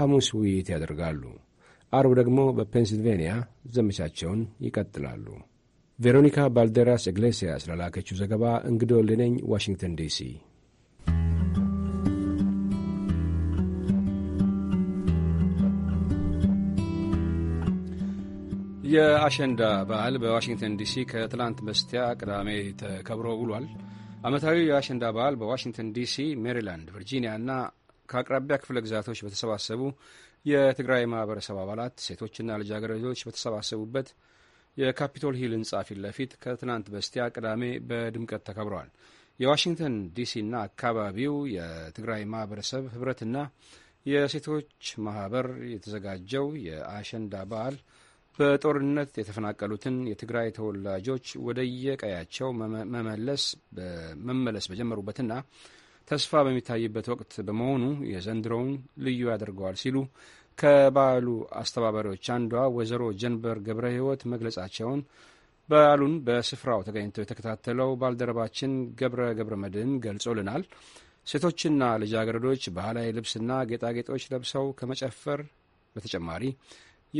ሐሙስ ውይይት ያደርጋሉ። አርብ ደግሞ በፔንሲልቬንያ ዘመቻቸውን ይቀጥላሉ። ቬሮኒካ ባልዴራስ ኢግሌሲያስ ለላከችው ዘገባ እንግዶ ዋሽንግተን ዲሲ። የአሸንዳ በዓል በዋሽንግተን ዲሲ ከትላንት በስቲያ ቅዳሜ ተከብሮ ውሏል። አመታዊ የአሸንዳ በዓል በዋሽንግተን ዲሲ፣ ሜሪላንድ፣ ቨርጂኒያ እና ከአቅራቢያ ክፍለ ግዛቶች በተሰባሰቡ የትግራይ ማህበረሰብ አባላት፣ ሴቶችና ልጃገረዶች በተሰባሰቡበት የካፒቶል ሂል ህንጻ ፊት ለፊት ከትናንት በስቲያ ቅዳሜ በድምቀት ተከብረዋል። የዋሽንግተን ዲሲና አካባቢው የትግራይ ማህበረሰብ ህብረትና የሴቶች ማህበር የተዘጋጀው የአሸንዳ በዓል በጦርነት የተፈናቀሉትን የትግራይ ተወላጆች ወደየቀያቸው መመለስ መመለስ በጀመሩበትና ተስፋ በሚታይበት ወቅት በመሆኑ የዘንድሮውን ልዩ ያደርገዋል ሲሉ ከበዓሉ አስተባባሪዎች አንዷ ወይዘሮ ጀንበር ገብረ ሕይወት መግለጻቸውን በዓሉን በስፍራው ተገኝተው የተከታተለው ባልደረባችን ገብረ ገብረ መድህን ገልጾልናል። ሴቶችና ልጃገረዶች ባህላዊ ልብስና ጌጣጌጦች ለብሰው ከመጨፈር በተጨማሪ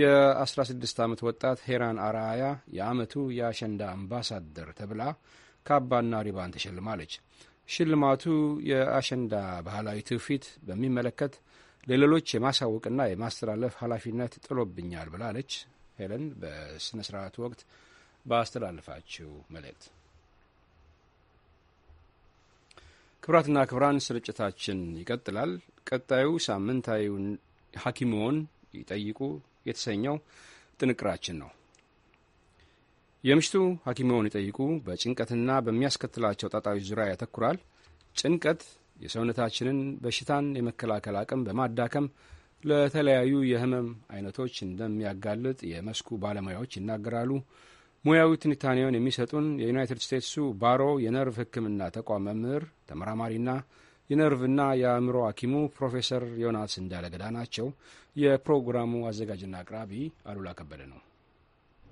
የ16 ዓመት ወጣት ሄራን አርአያ የዓመቱ የአሸንዳ አምባሳደር ተብላ ካባና ሪባን ተሸልማለች። ሽልማቱ የአሸንዳ ባህላዊ ትውፊት በሚመለከት ለሌሎች የማሳወቅና የማስተላለፍ ኃላፊነት ጥሎብኛል ብላለች ሄለን በሥነ ሥርዓቱ ወቅት ባስተላለፋችው መልእክት። ክብራትና ክብራን ስርጭታችን ይቀጥላል። ቀጣዩ ሳምንታዊውን ሐኪምዎን ይጠይቁ የተሰኘው ጥንቅራችን ነው። የምሽቱ ሐኪሞን ይጠይቁ በጭንቀትና በሚያስከትላቸው ጣጣዎች ዙሪያ ያተኩራል። ጭንቀት የሰውነታችንን በሽታን የመከላከል አቅም በማዳከም ለተለያዩ የህመም አይነቶች እንደሚያጋልጥ የመስኩ ባለሙያዎች ይናገራሉ። ሙያዊ ትንታኔውን የሚሰጡን የዩናይትድ ስቴትሱ ባሮ የነርቭ ሕክምና ተቋም መምህር ተመራማሪና የነርቭና የአእምሮ ሐኪሙ ፕሮፌሰር ዮናስ እንዳለገዳ ናቸው። የፕሮግራሙ አዘጋጅና አቅራቢ አሉላ ከበደ ነው።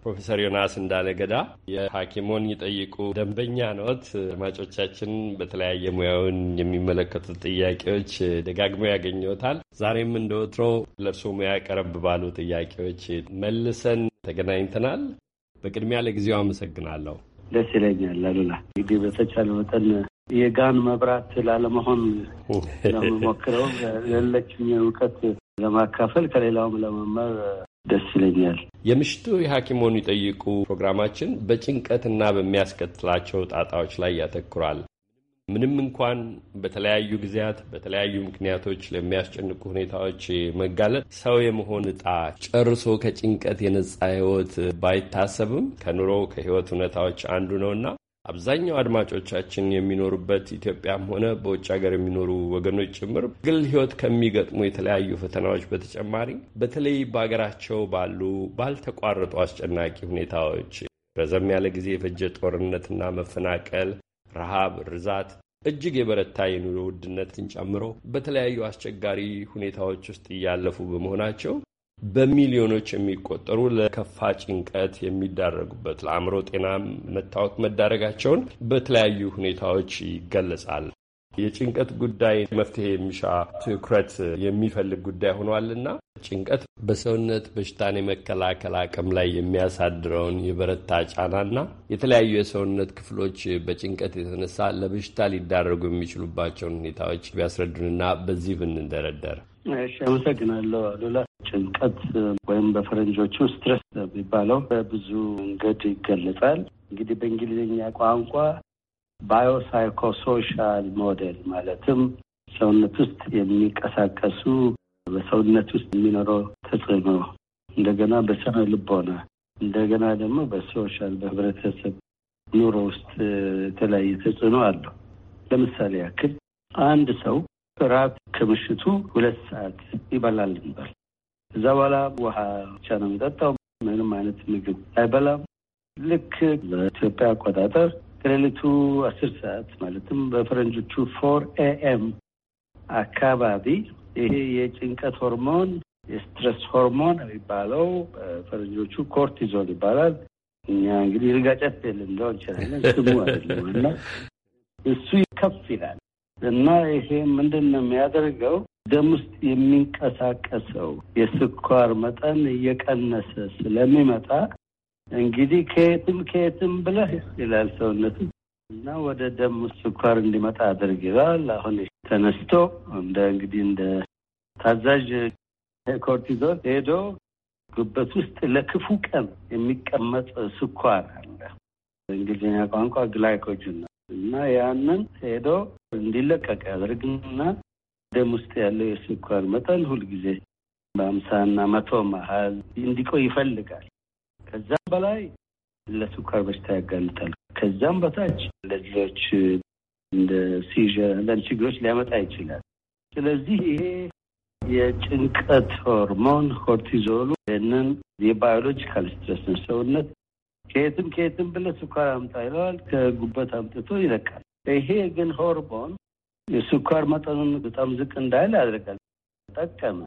ፕሮፌሰር ዮናስ እንዳለ ገዳ የሐኪሞን ይጠይቁ ደንበኛ ነት። አድማጮቻችን በተለያየ ሙያውን የሚመለከቱት ጥያቄዎች ደጋግመው ያገኘታል። ዛሬም እንደ ወትሮ ለእርሶ ሙያ ቀረብ ባሉ ጥያቄዎች መልሰን ተገናኝተናል። በቅድሚያ ለጊዜው አመሰግናለሁ። ደስ ይለኛል አሉላ። እንግዲህ በተቻለ መጠን የጋን መብራት ላለመሆን ለመሞክረው ለሌለችኝ እውቀት ለማካፈል ከሌላውም ለመማር ደስ ይለኛል። የምሽቱ የሐኪሞን ይጠይቁ ፕሮግራማችን በጭንቀትና በሚያስከትላቸው ጣጣዎች ላይ ያተኩራል። ምንም እንኳን በተለያዩ ጊዜያት በተለያዩ ምክንያቶች ለሚያስጨንቁ ሁኔታዎች መጋለጥ ሰው የመሆን እጣ ጨርሶ ከጭንቀት የነጻ ህይወት ባይታሰብም ከኑሮ ከህይወት እውነታዎች አንዱ ነውና አብዛኛው አድማጮቻችን የሚኖሩበት ኢትዮጵያም ሆነ በውጭ ሀገር የሚኖሩ ወገኖች ጭምር ግል ሕይወት ከሚገጥሙ የተለያዩ ፈተናዎች በተጨማሪ በተለይ በሀገራቸው ባሉ ባልተቋረጡ አስጨናቂ ሁኔታዎች ረዘም ያለ ጊዜ የፈጀ ጦርነትና መፈናቀል፣ ረሃብ፣ ርዛት እጅግ የበረታ የኑሮ ውድነትን ጨምሮ በተለያዩ አስቸጋሪ ሁኔታዎች ውስጥ እያለፉ በመሆናቸው በሚሊዮኖች የሚቆጠሩ ለከፋ ጭንቀት የሚዳረጉበት ለአእምሮ ጤና መታወክ መዳረጋቸውን በተለያዩ ሁኔታዎች ይገለጻል። የጭንቀት ጉዳይ መፍትሄ የሚሻ ትኩረት የሚፈልግ ጉዳይ ሆኗልና ጭንቀት በሰውነት በሽታን የመከላከል አቅም ላይ የሚያሳድረውን የበረታ ጫናና የተለያዩ የሰውነት ክፍሎች በጭንቀት የተነሳ ለበሽታ ሊዳረጉ የሚችሉባቸውን ሁኔታዎች ቢያስረዱንና በዚህ ብንደረደር። እሺ፣ አመሰግናለሁ አሉላ። ጭንቀት ወይም በፈረንጆቹ ስትረስ የሚባለው በብዙ መንገድ ይገለጻል። እንግዲህ በእንግሊዝኛ ቋንቋ ባዮሳይኮሶሻል ሞዴል ማለትም ሰውነት ውስጥ የሚንቀሳቀሱ በሰውነት ውስጥ የሚኖረው ተጽዕኖ እንደገና በስነ ልቦና እንደገና ደግሞ በሶሻል በህብረተሰብ ኑሮ ውስጥ የተለያየ ተጽዕኖ አለው። ለምሳሌ ያክል አንድ ሰው ራት ከምሽቱ ሁለት ሰዓት ይበላል እንበል። እዛ በኋላ ውሃ ብቻ ነው የሚጠጣው። ምንም አይነት ምግብ አይበላም። ልክ በኢትዮጵያ አቆጣጠር ከሌሊቱ አስር ሰዓት ማለትም በፈረንጆቹ ፎር ኤኤም አካባቢ ይሄ የጭንቀት ሆርሞን የስትረስ ሆርሞን የሚባለው ፈረንጆቹ ኮርቲዞን ይባላል። እኛ እንግዲህ ርጋጨት ልንለው እንችላለን። ስሙ አይደለም እሱ ከፍ ይላል እና ይሄ ምንድን ነው የሚያደርገው? ደም ውስጥ የሚንቀሳቀሰው የስኳር መጠን እየቀነሰ ስለሚመጣ እንግዲህ ከየትም ከየትም ብለህ ይላል ሰውነት እና ወደ ደም ውስጥ ስኳር እንዲመጣ አድርገዋል። አሁን ተነስቶ እንደ እንግዲህ እንደ ታዛዥ ኮርቲዞን ሄዶ ጉበት ውስጥ ለክፉ ቀን የሚቀመጥ ስኳር አለ። በእንግሊዝኛ ቋንቋ ግላይኮጅን ነው እና ያንን ሄዶ እንዲለቀቅ ያደርግና ደም ውስጥ ያለው የስኳር መጠን ሁልጊዜ በአምሳና መቶ መሀል እንዲቆይ ይፈልጋል። ከዛም በላይ ለሱካር በሽታ ያጋልጣል። ከዛም በታች ለሌሎች እንደ ሲዥ አንዳንድ ችግሮች ሊያመጣ ይችላል። ስለዚህ ይሄ የጭንቀት ሆርሞን ኮርቲዞሉ ይህንን የባዮሎጂካል ስትረስ ነው። ሰውነት ከየትም ከየትም ብለ ሱካር አምጣ ይለዋል። ከጉበት አምጥቶ ይለቃል። ይሄ ግን ሆርሞን የሱካር መጠኑን በጣም ዝቅ እንዳይል ያደርጋል። ጠቀመ።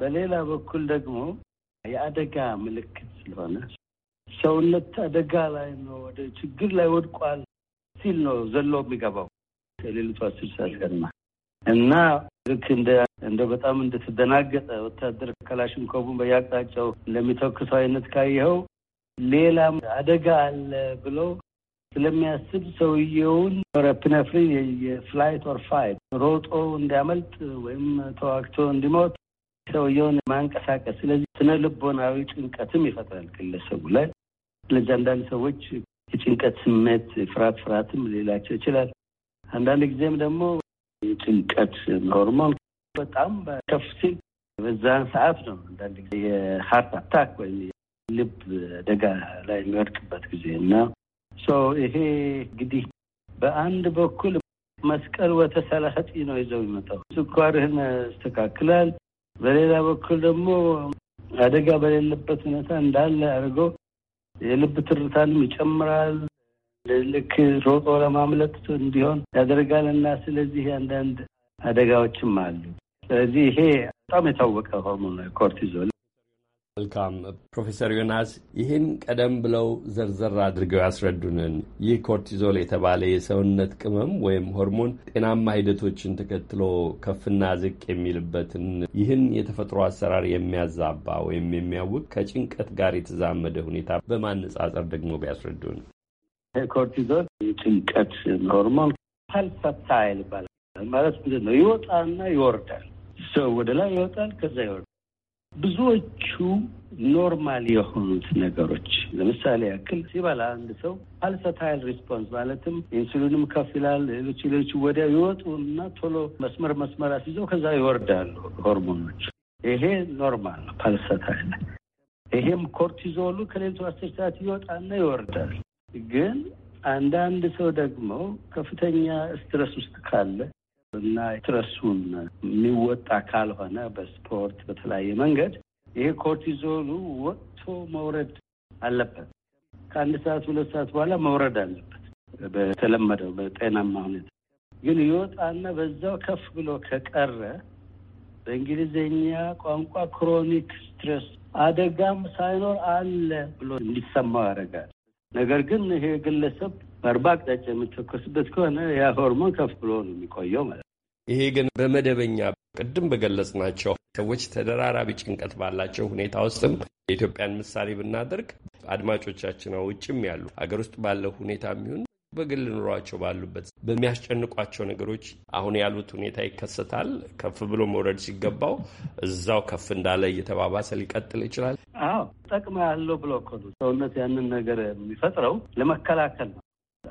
በሌላ በኩል ደግሞ የአደጋ ምልክት ስለሆነ ሰውነት አደጋ ላይ ነው፣ ወደ ችግር ላይ ወድቋል ሲል ነው ዘሎ የሚገባው ከሌሊቱ አስር ሰዓት ገድማ እና ልክ እንደ በጣም እንደተደናገጠ ወታደር ከላሽንኮቡን በየአቅጣጫው እንደሚተኩሰው አይነት ካየኸው ሌላም አደጋ አለ ብሎ ስለሚያስብ ሰውየውን ፕነፍሪን የፍላይት ኦር ፋይት ሮጦ እንዲያመልጥ ወይም ተዋግቶ እንዲሞት ሰውየውን ማንቀሳቀስ፣ ስለዚህ ስነ ልቦናዊ ጭንቀትም ይፈጥራል ግለሰቡ ላይ። ስለዚህ አንዳንድ ሰዎች የጭንቀት ስሜት ፍርሃት ፍርሃትም ሌላቸው ይችላል። አንዳንድ ጊዜም ደግሞ የጭንቀት ኖርማል በጣም ከፍ ሲል በዛን ሰዓት ነው አንዳንድ ጊዜ የሀርት አታክ ወይም ልብ አደጋ ላይ የሚወድቅበት ጊዜ እና ይሄ እንግዲህ በአንድ በኩል መስቀል ወተሰላጢ ነው ይዘው የሚመጣው ስኳርህን ያስተካክላል፣ በሌላ በኩል ደግሞ አደጋ በሌለበት ሁኔታ እንዳለ አድርገው የልብ ትርታንም ይጨምራል። ልክ ሮጦ ለማምለጥ እንዲሆን ያደርጋል እና ስለዚህ አንዳንድ አደጋዎችም አሉ። ስለዚህ ይሄ በጣም የታወቀ ሆርሞን ኮርቲዞል። መልካም ፕሮፌሰር ዮናስ ይህን ቀደም ብለው ዘርዘር አድርገው ያስረዱንን ይህ ኮርቲዞል የተባለ የሰውነት ቅመም ወይም ሆርሞን ጤናማ ሂደቶችን ተከትሎ ከፍና ዝቅ የሚልበትን ይህን የተፈጥሮ አሰራር የሚያዛባ ወይም የሚያውቅ ከጭንቀት ጋር የተዛመደ ሁኔታ በማነጻጸር ደግሞ ቢያስረዱን። ኮርቲዞል የጭንቀት ሆርሞን ፐርሰፕታይል ይባላል። ማለት ምንድን ነው? ይወጣልና ይወርዳል። ሰው ወደ ላይ ይወጣል፣ ከዛ ይወርዳል ብዙዎቹ ኖርማል የሆኑት ነገሮች ለምሳሌ ያክል ሲበላ አንድ ሰው ፓልሰታይል ሪስፖንስ ማለትም ኢንሱሊንም ከፍ ይላል። ሌሎች ሌሎች ወዲያ ይወጡ እና ቶሎ መስመር መስመር አስይዘው ከዛ ይወርዳሉ ሆርሞኖች። ይሄ ኖርማል ነው ፓልሰታይል። ይሄም ኮርቲዞሉ ከሌሊቱ አስር ሰዓት ይወጣና ይወርዳል። ግን አንዳንድ ሰው ደግሞ ከፍተኛ ስትረስ ውስጥ ካለ እና ትረሱን የሚወጣ ካልሆነ በስፖርት በተለያየ መንገድ ይሄ ኮርቲዞሉ ወጥቶ መውረድ አለበት። ከአንድ ሰዓት ሁለት ሰዓት በኋላ መውረድ አለበት። በተለመደው በጤናማ ሁኔታ ግን ይወጣና በዛው ከፍ ብሎ ከቀረ በእንግሊዝኛ ቋንቋ ክሮኒክ ስትረስ አደጋም ሳይኖር አለ ብሎ እንዲሰማው ያደርጋል። ነገር ግን ይሄ ግለሰብ በአርባ አቅጣጫ የሚተኮስበት ከሆነ ያ ሆርሞን ከፍ ብሎ ነው የሚቆየው ማለት ነው። ይሄ ግን በመደበኛ ቅድም በገለጽናቸው ሰዎች ተደራራቢ ጭንቀት ባላቸው ሁኔታ ውስጥም የኢትዮጵያን ምሳሌ ብናደርግ አድማጮቻችን ውጭም ያሉ አገር ውስጥ ባለው ሁኔታ የሚሆን በግል ኑሯቸው ባሉበት በሚያስጨንቋቸው ነገሮች አሁን ያሉት ሁኔታ ይከሰታል። ከፍ ብሎ መውረድ ሲገባው እዛው ከፍ እንዳለ እየተባባሰ ሊቀጥል ይችላል። አዎ ጠቅማ ያለው ብሎ ሰውነት ያንን ነገር የሚፈጥረው ለመከላከል ነው።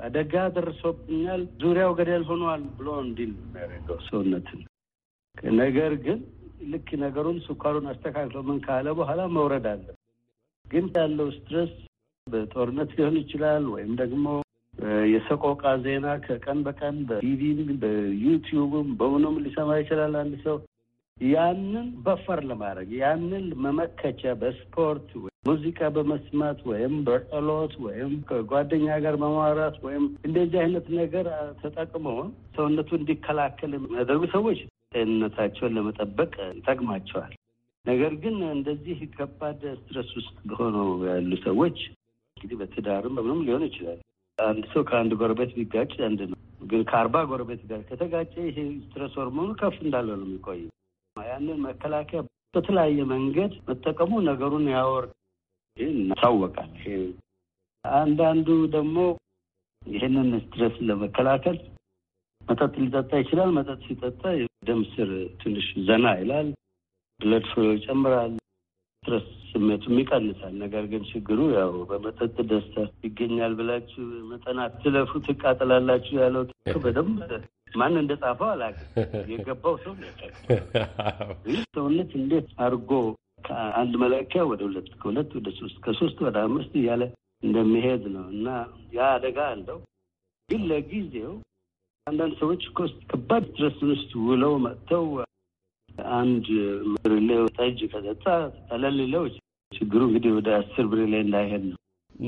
አደጋ ደርሶብኛል፣ ዙሪያው ገደል ሆኗል ብሎ እንዲል የሚያደርገው ሰውነትን ነገር ግን ልክ ነገሩን ስኳሩን አስተካክሎ ምን ካለ በኋላ መውረድ አለ። ግን ያለው ስትረስ በጦርነት ሊሆን ይችላል ወይም ደግሞ የሰቆቃ ዜና ከቀን በቀን በቲቪም በዩቲዩብም በምኑም ሊሰማ ይችላል አንድ ሰው ያንን በፈር ለማድረግ ያንን መመከቻ በስፖርት ሙዚቃ በመስማት ወይም በጸሎት ወይም ከጓደኛ ጋር በማውራት ወይም እንደዚህ አይነት ነገር ተጠቅሞ ሰውነቱ እንዲከላከል የሚያደርጉ ሰዎች ጤንነታቸውን ለመጠበቅ ይጠቅማቸዋል። ነገር ግን እንደዚህ ከባድ ስትረስ ውስጥ ሆነው ያሉ ሰዎች እንግዲህ በትዳርም በምንም ሊሆን ይችላል። አንድ ሰው ከአንድ ጎረቤት ቢጋጭ አንድ ነው፣ ግን ከአርባ ጎረቤት ጋር ከተጋጨ ይሄ ስትረስ ሆርሞኑ ከፍ እንዳለ ነው የሚቆይ ያንን መከላከያ በተለያየ መንገድ መጠቀሙ ነገሩን ያወር ይታወቃል። አንዳንዱ ደግሞ ይህንን ስትረስ ለመከላከል መጠጥ ሊጠጣ ይችላል። መጠጥ ሲጠጣ ደም ስር ትንሽ ዘና ይላል፣ ብለድ ፍሎ ይጨምራል፣ ስትረስ ስሜቱም ይቀንሳል። ነገር ግን ችግሩ ያው በመጠጥ ደስታ ይገኛል ብላችሁ መጠና ትለፉ ትቃጠላላችሁ ያለው በደንብ ማን እንደጻፈው አላውቅም። የገባው ሰው (laughs) ይህ ሰውነት እንዴት አድርጎ ከአንድ መለኪያ ወደ ሁለት ከሁለት ወደ ሶስት ከሶስት ወደ አምስት እያለ እንደሚሄድ ነው እና ያ አደጋ አለው። ግን ለጊዜው አንዳንድ ሰዎች እኮ ከባድ ስትረስ ውስጥ ውለው መጥተው አንድ ብርሌ ጠጅ ከጠጣ ተለልለው ችግሩ እንግዲህ ወደ አስር ብርሌ እንዳይሄድ ነው።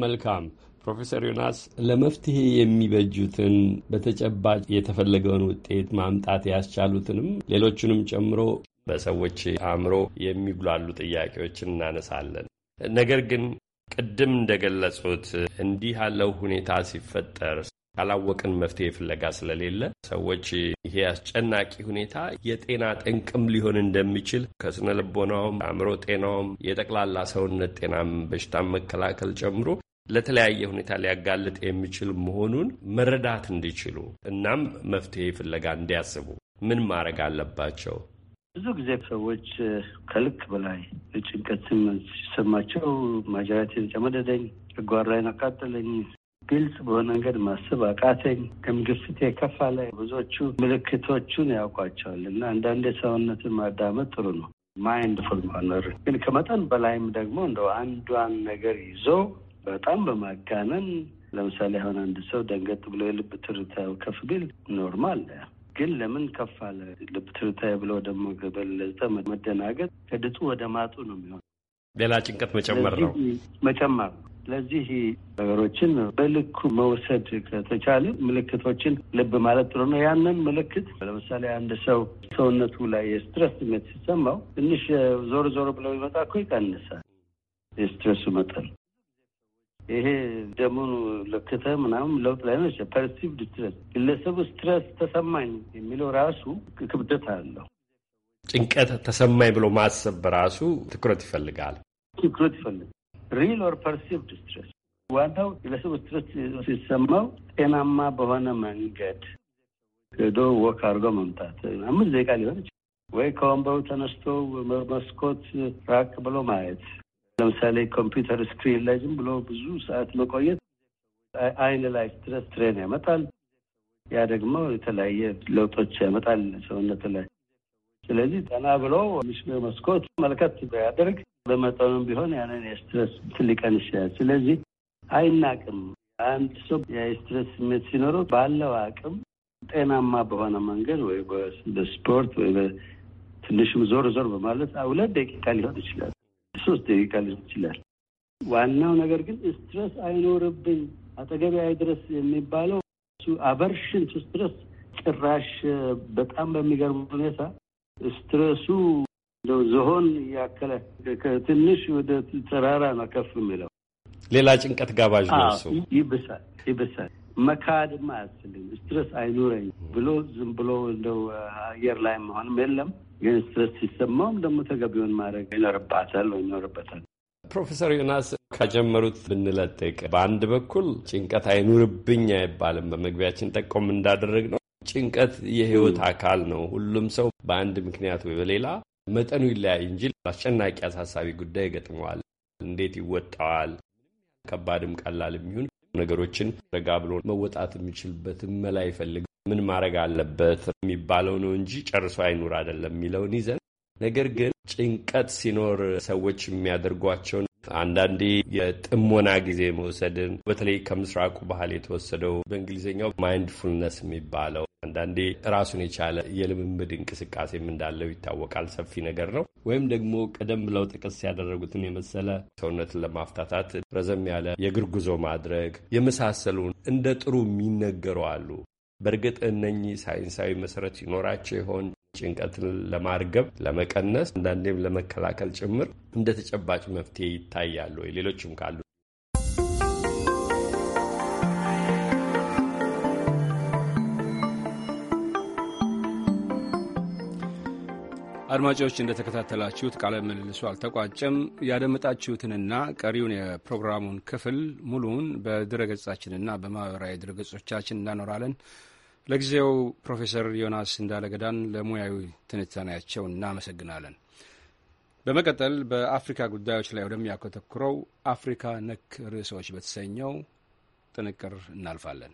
መልካም ፕሮፌሰር ዮናስ ለመፍትሄ የሚበጁትን በተጨባጭ የተፈለገውን ውጤት ማምጣት ያስቻሉትንም ሌሎቹንም ጨምሮ በሰዎች አእምሮ የሚጉላሉ ጥያቄዎችን እናነሳለን። ነገር ግን ቅድም እንደገለጹት እንዲህ ያለው ሁኔታ ሲፈጠር ካላወቅን መፍትሄ ፍለጋ ስለሌለ ሰዎች ይሄ አስጨናቂ ሁኔታ የጤና ጠንቅም ሊሆን እንደሚችል ከስነ ልቦናውም አእምሮ ጤናውም የጠቅላላ ሰውነት ጤናም በሽታም መከላከል ጨምሮ ለተለያየ ሁኔታ ሊያጋልጥ የሚችል መሆኑን መረዳት እንዲችሉ እናም መፍትሄ ፍለጋ እንዲያስቡ ምን ማድረግ አለባቸው? ብዙ ጊዜ ሰዎች ከልክ በላይ ጭንቀት ሲሰማቸው ማጀራቴን ጨመደደኝ፣ ጨጓራዬን አቃጠለኝ፣ ግልጽ በሆነ መንገድ ማስብ አቃተኝ፣ ደም ግፊቴ ከፍ አለ። ብዙዎቹ ምልክቶቹን ያውቋቸዋል እና አንዳንዴ ሰውነትን ማዳመጥ ጥሩ ነው። ፉል ማነር ግን ከመጠን በላይም ደግሞ እንደ አንዷን ነገር ይዞ በጣም በማጋነን ለምሳሌ አሁን አንድ ሰው ደንገጥ ብሎ የልብ ትርታው ከፍ ቢል ኖርማል፣ ግን ለምን ከፍ አለ ልብ ትርታ ብሎ ደግሞ በለጠ መደናገጥ ከድጡ ወደ ማጡ ነው የሚሆን። ሌላ ጭንቀት መጨመር ነው መጨመር ስለዚህ ነገሮችን በልኩ መውሰድ ከተቻለ ምልክቶችን ልብ ማለት ጥሩ ነው። ያንን ምልክት ለምሳሌ አንድ ሰው ሰውነቱ ላይ የስትረስ ስሜት ሲሰማው ትንሽ ዞር ዞር ብለው ይመጣ እኮ ይቀንሳል የስትረሱ መጠን ይሄ ደሙን ለክተ ምናምን ለውጥ ላይ መ ፐርሲቭድ ስትረስ ግለሰቡ ስትረስ ተሰማኝ የሚለው ራሱ ክብደት አለው። ጭንቀት ተሰማኝ ብሎ ማሰብ በራሱ ትኩረት ይፈልጋል። ትኩረት ይፈልጋል። ሪል ኦር ፐርሲቭድ ስትረስ ዋናው ግለሰቡ ስትረስ ሲሰማው ጤናማ በሆነ መንገድ ሄዶ ወክ አድርጎ መምጣት አምስት ደቂቃ ሊሆን ይችላል ወይ ከወንበሩ ተነስቶ መስኮት ራቅ ብሎ ማየት ለምሳሌ ኮምፒውተር ስክሪን ላይ ዝም ብሎ ብዙ ሰዓት መቆየት አይን ላይ ስትረስ ትሬን ያመጣል። ያ ደግሞ የተለያየ ለውጦች ያመጣል ሰውነት ላይ። ስለዚህ ጠና ብሎ መስኮት መልከት ያደርግ በመጠኑም ቢሆን ያንን የስትረስ ሊቀንስ ይችላል። ስለዚህ አይናቅም። አንድ ሰው የስትረስ ስሜት ሲኖረው ባለው አቅም ጤናማ በሆነ መንገድ ወይ በስፖርት ወይ በትንሽም ዞር ዞር በማለት ሁለት ደቂቃ ሊሆን ይችላል ሶስት ደቂቃ ሊሆን ይችላል። ዋናው ነገር ግን ስትረስ አይኖርብኝ አጠገቢ አይድረስ የሚባለው አቨርሽን ቱ ስትረስ ጭራሽ በጣም በሚገርም ሁኔታ ስትረሱ እንደው ዝሆን እያከለ ከትንሽ ወደ ተራራ ነው ከፍ የሚለው። ሌላ ጭንቀት ጋባዥ ነው። ይብሳል ይብሳል። መካድም አያስልኝ ስትረስ አይኖረኝ ብሎ ዝም ብሎ እንደው አየር ላይ መሆንም የለም ግን ስትረስ ሲሰማውም ደግሞ ተገቢውን ማድረግ ይኖርባታል ወይ ይኖርበታል። ፕሮፌሰር ዮናስ ከጀመሩት ብንለጥቅ በአንድ በኩል ጭንቀት አይኑርብኝ አይባልም። በመግቢያችን ጠቆም እንዳደረግ ነው ጭንቀት የህይወት አካል ነው። ሁሉም ሰው በአንድ ምክንያት ወይ በሌላ መጠኑ ይለያይ እንጂ አስጨናቂ አሳሳቢ ጉዳይ ይገጥመዋል። እንዴት ይወጣዋል? ከባድም ቀላል የሚሆን ነገሮችን ረጋ ብሎ መወጣት የሚችልበት መላ ይፈልግ ምን ማድረግ አለበት የሚባለው ነው እንጂ ጨርሶ አይኑር አይደለም የሚለውን ይዘን ነገር ግን ጭንቀት ሲኖር ሰዎች የሚያደርጓቸውን አንዳንዴ የጥሞና ጊዜ መውሰድን በተለይ ከምስራቁ ባህል የተወሰደው በእንግሊዝኛው ማይንድፉልነስ የሚባለው አንዳንዴ ራሱን የቻለ የልምምድ እንቅስቃሴም እንዳለው ይታወቃል። ሰፊ ነገር ነው። ወይም ደግሞ ቀደም ብለው ጥቅስ ያደረጉትን የመሰለ ሰውነትን ለማፍታታት ረዘም ያለ የእግር ጉዞ ማድረግ የመሳሰሉን እንደ ጥሩ የሚነገሩ አሉ። በእርግጥ እነኚህ ሳይንሳዊ መሰረት ይኖራቸው ይሆን? ጭንቀትን ለማርገብ ለመቀነስ፣ አንዳንዴም ለመከላከል ጭምር እንደ ተጨባጭ መፍትሄ ይታያሉ ወይ? ሌሎችም ካሉ አድማጮች እንደተከታተላችሁት ቃለ ምልልሱ አልተቋጨም። ያደመጣችሁትንና ቀሪውን የፕሮግራሙን ክፍል ሙሉውን በድረገጻችንና በማህበራዊ ድረገጾቻችን እናኖራለን። ለጊዜው ፕሮፌሰር ዮናስ እንዳለገዳን ለሙያዊ ትንታኔያቸው እናመሰግናለን። በመቀጠል በአፍሪካ ጉዳዮች ላይ ወደሚያተኩረው አፍሪካ ነክ ርዕሶች በተሰኘው ጥንቅር እናልፋለን።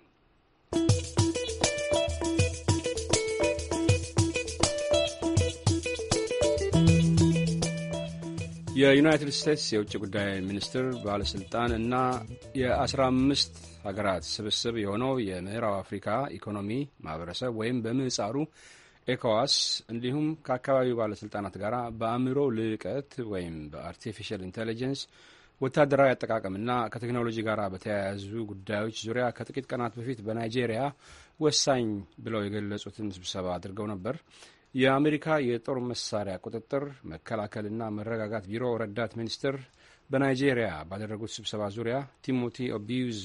የዩናይትድ ስቴትስ የውጭ ጉዳይ ሚኒስትር ባለሥልጣን እና የ15 ሀገራት ስብስብ የሆነው የምዕራብ አፍሪካ ኢኮኖሚ ማህበረሰብ ወይም በምህጻሩ ኤኮዋስ እንዲሁም ከአካባቢው ባለሥልጣናት ጋር በአእምሮ ልዕቀት ወይም በአርቲፊሻል ኢንቴሊጀንስ ወታደራዊ አጠቃቀምና ከቴክኖሎጂ ጋር በተያያዙ ጉዳዮች ዙሪያ ከጥቂት ቀናት በፊት በናይጄሪያ ወሳኝ ብለው የገለጹትን ስብሰባ አድርገው ነበር። የአሜሪካ የጦር መሳሪያ ቁጥጥር መከላከልና መረጋጋት ቢሮ ረዳት ሚኒስትር በናይጄሪያ ባደረጉት ስብሰባ ዙሪያ ቲሞቲ ኦቢዩዝ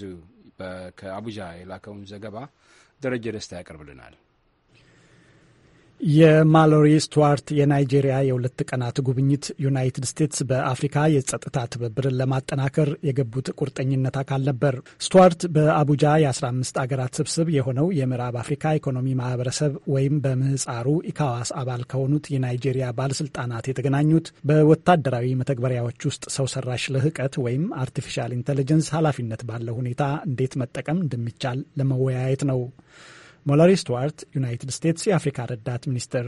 ከአቡጃ የላከውን ዘገባ ደረጀ ደስታ ያቀርብልናል። የማሎሪ ስቱዋርት የናይጄሪያ የሁለት ቀናት ጉብኝት ዩናይትድ ስቴትስ በአፍሪካ የጸጥታ ትብብርን ለማጠናከር የገቡት ቁርጠኝነት አካል ነበር። ስቱዋርት በአቡጃ የ15 አገራት ስብስብ የሆነው የምዕራብ አፍሪካ ኢኮኖሚ ማህበረሰብ ወይም በምህፃሩ ኢካዋስ አባል ከሆኑት የናይጄሪያ ባለስልጣናት የተገናኙት በወታደራዊ መተግበሪያዎች ውስጥ ሰው ሰራሽ ልህቀት ወይም አርቲፊሻል ኢንቴሊጀንስ ኃላፊነት ባለው ሁኔታ እንዴት መጠቀም እንደሚቻል ለመወያየት ነው። ሞለሪ ስቱዋርት ዩናይትድ ስቴትስ የአፍሪካ ረዳት ሚኒስትር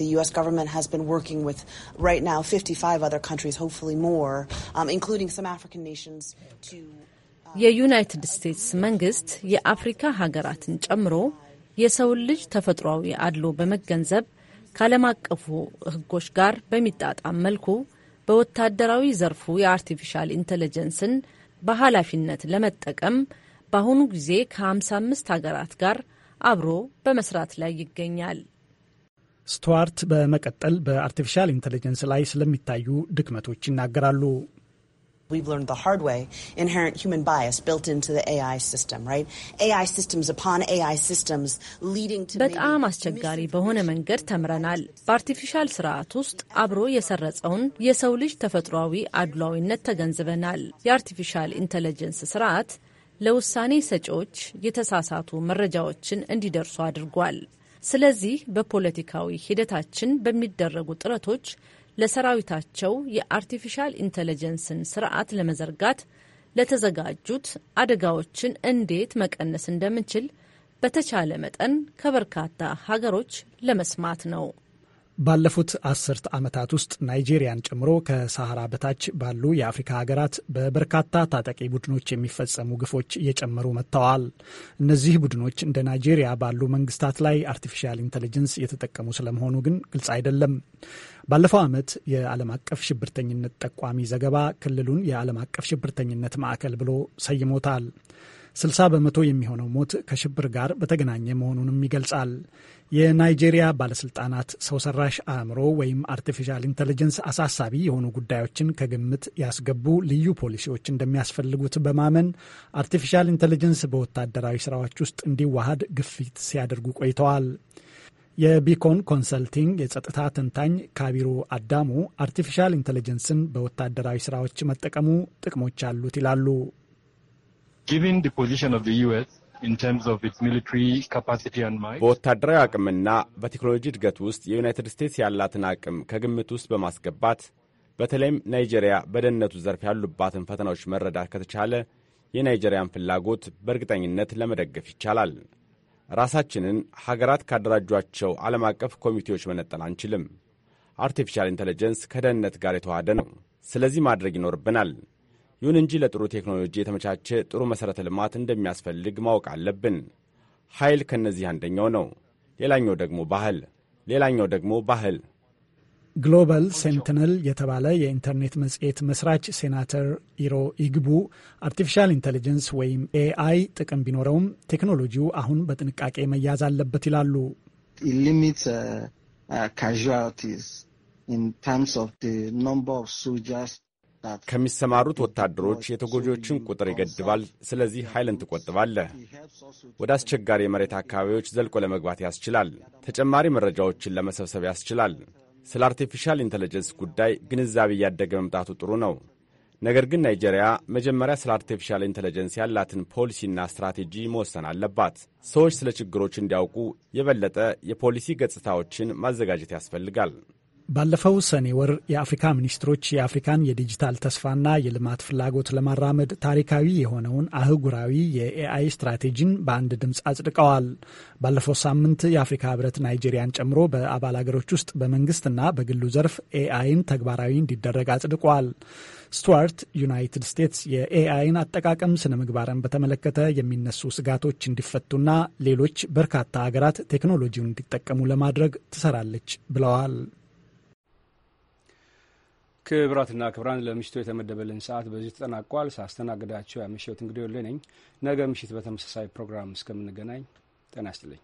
The U.S. government has been working with right now 55 other countries, hopefully more, um, including some African nations to. Uh, የዩናይትድ ስቴትስ መንግስት የአፍሪካ ሀገራትን ጨምሮ የሰውን ልጅ ተፈጥሯዊ አድሎ በመገንዘብ ከዓለም አቀፉ ሕጎች ጋር በሚጣጣም መልኩ በወታደራዊ ዘርፉ የአርቲፊሻል ኢንቴሊጀንስን በኃላፊነት ለመጠቀም በአሁኑ ጊዜ ከ55 ሀገራት ጋር አብሮ በመስራት ላይ ይገኛል። ስቱዋርት በመቀጠል በአርቲፊሻል ኢንቴሊጀንስ ላይ ስለሚታዩ ድክመቶች ይናገራሉ። We've learned the hard way, inherent human bias built into the AI system, right? AI systems upon AI systems leading to በጣም አስቸጋሪ በሆነ መንገድ ተምረናል። በአርቲፊሻል ስርዓት ውስጥ አብሮ የሰረጸውን የሰው ልጅ ተፈጥሯዊ አድሏዊነት ተገንዝበናል። የአርቲፊሻል ኢንተለጀንስ ስርዓት ለውሳኔ ሰጪዎች የተሳሳቱ መረጃዎችን እንዲደርሱ አድርጓል። ስለዚህ በፖለቲካዊ ሂደታችን በሚደረጉ ጥረቶች ለሰራዊታቸው የአርቲፊሻል ኢንተለጀንስን ስርዓት ለመዘርጋት ለተዘጋጁት አደጋዎችን እንዴት መቀነስ እንደምንችል በተቻለ መጠን ከበርካታ ሀገሮች ለመስማት ነው። ባለፉት አስርት ዓመታት ውስጥ ናይጄሪያን ጨምሮ ከሳሐራ በታች ባሉ የአፍሪካ ሀገራት በበርካታ ታጣቂ ቡድኖች የሚፈጸሙ ግፎች እየጨመሩ መጥተዋል። እነዚህ ቡድኖች እንደ ናይጄሪያ ባሉ መንግስታት ላይ አርቲፊሻል ኢንቴሊጀንስ እየተጠቀሙ ስለመሆኑ ግን ግልጽ አይደለም። ባለፈው ዓመት የዓለም አቀፍ ሽብርተኝነት ጠቋሚ ዘገባ ክልሉን የዓለም አቀፍ ሽብርተኝነት ማዕከል ብሎ ሰይሞታል። 60 በመቶ የሚሆነው ሞት ከሽብር ጋር በተገናኘ መሆኑንም ይገልጻል። የናይጄሪያ ባለስልጣናት ሰው ሰራሽ አእምሮ ወይም አርቲፊሻል ኢንተልጀንስ አሳሳቢ የሆኑ ጉዳዮችን ከግምት ያስገቡ ልዩ ፖሊሲዎች እንደሚያስፈልጉት በማመን አርቲፊሻል ኢንተልጀንስ በወታደራዊ ስራዎች ውስጥ እንዲዋሃድ ግፊት ሲያደርጉ ቆይተዋል። የቢኮን ኮንሰልቲንግ የጸጥታ ተንታኝ ካቢሮ አዳሙ አርቲፊሻል ኢንተልጀንስን በወታደራዊ ስራዎች መጠቀሙ ጥቅሞች አሉት ይላሉ። ጊቪን ፖዚሽን ኦፍ በወታደራዊ አቅምና በቴክኖሎጂ እድገት ውስጥ የዩናይትድ ስቴትስ ያላትን አቅም ከግምት ውስጥ በማስገባት በተለይም ናይጄሪያ በደህንነቱ ዘርፍ ያሉባትን ፈተናዎች መረዳት ከተቻለ የናይጄሪያን ፍላጎት በእርግጠኝነት ለመደገፍ ይቻላል። ራሳችንን ሀገራት ካደራጇቸው ዓለም አቀፍ ኮሚቴዎች መነጠል አንችልም። አርቲፊሻል ኢንቴሊጀንስ ከደህንነት ጋር የተዋሃደ ነው። ስለዚህ ማድረግ ይኖርብናል። ይሁን እንጂ ለጥሩ ቴክኖሎጂ የተመቻቸ ጥሩ መሠረተ ልማት እንደሚያስፈልግ ማወቅ አለብን። ኃይል ከእነዚህ አንደኛው ነው። ሌላኛው ደግሞ ባህል ሌላኛው ደግሞ ባህል ግሎባል ሴንትነል የተባለ የኢንተርኔት መጽሔት መስራች ሴናተር ኢሮ ኢግቡ አርቲፊሻል ኢንቴሊጀንስ ወይም ኤአይ ጥቅም ቢኖረውም ቴክኖሎጂው አሁን በጥንቃቄ መያዝ አለበት ይላሉ። ከሚሰማሩት ወታደሮች የተጎጂዎችን ቁጥር ይገድባል። ስለዚህ ኃይልን ትቆጥባለህ። ወደ አስቸጋሪ የመሬት አካባቢዎች ዘልቆ ለመግባት ያስችላል። ተጨማሪ መረጃዎችን ለመሰብሰብ ያስችላል። ስለ አርቲፊሻል ኢንተለጀንስ ጉዳይ ግንዛቤ እያደገ መምጣቱ ጥሩ ነው። ነገር ግን ናይጄሪያ መጀመሪያ ስለ አርቲፊሻል ኢንተለጀንስ ያላትን ፖሊሲና ስትራቴጂ መወሰን አለባት። ሰዎች ስለ ችግሮች እንዲያውቁ የበለጠ የፖሊሲ ገጽታዎችን ማዘጋጀት ያስፈልጋል። ባለፈው ሰኔ ወር የአፍሪካ ሚኒስትሮች የአፍሪካን የዲጂታል ተስፋና የልማት ፍላጎት ለማራመድ ታሪካዊ የሆነውን አህጉራዊ የኤአይ ስትራቴጂን በአንድ ድምፅ አጽድቀዋል። ባለፈው ሳምንት የአፍሪካ ህብረት ናይጄሪያን ጨምሮ በአባል አገሮች ውስጥ በመንግስትና በግሉ ዘርፍ ኤአይን ተግባራዊ እንዲደረግ አጽድቋል። ስቱዋርት ዩናይትድ ስቴትስ የኤአይን አጠቃቀም ስነ ምግባርን በተመለከተ የሚነሱ ስጋቶች እንዲፈቱና ሌሎች በርካታ ሀገራት ቴክኖሎጂውን እንዲጠቀሙ ለማድረግ ትሰራለች ብለዋል። ክብራትና ክብራን ለምሽቱ የተመደበልን ሰዓት በዚህ ተጠናቋል። ሳስተናግዳቸው ያመሸሁት እንግዲህ ወሌ ነኝ። ነገ ምሽት በተመሳሳይ ፕሮግራም እስከምንገናኝ ጤና ይስጥልኝ።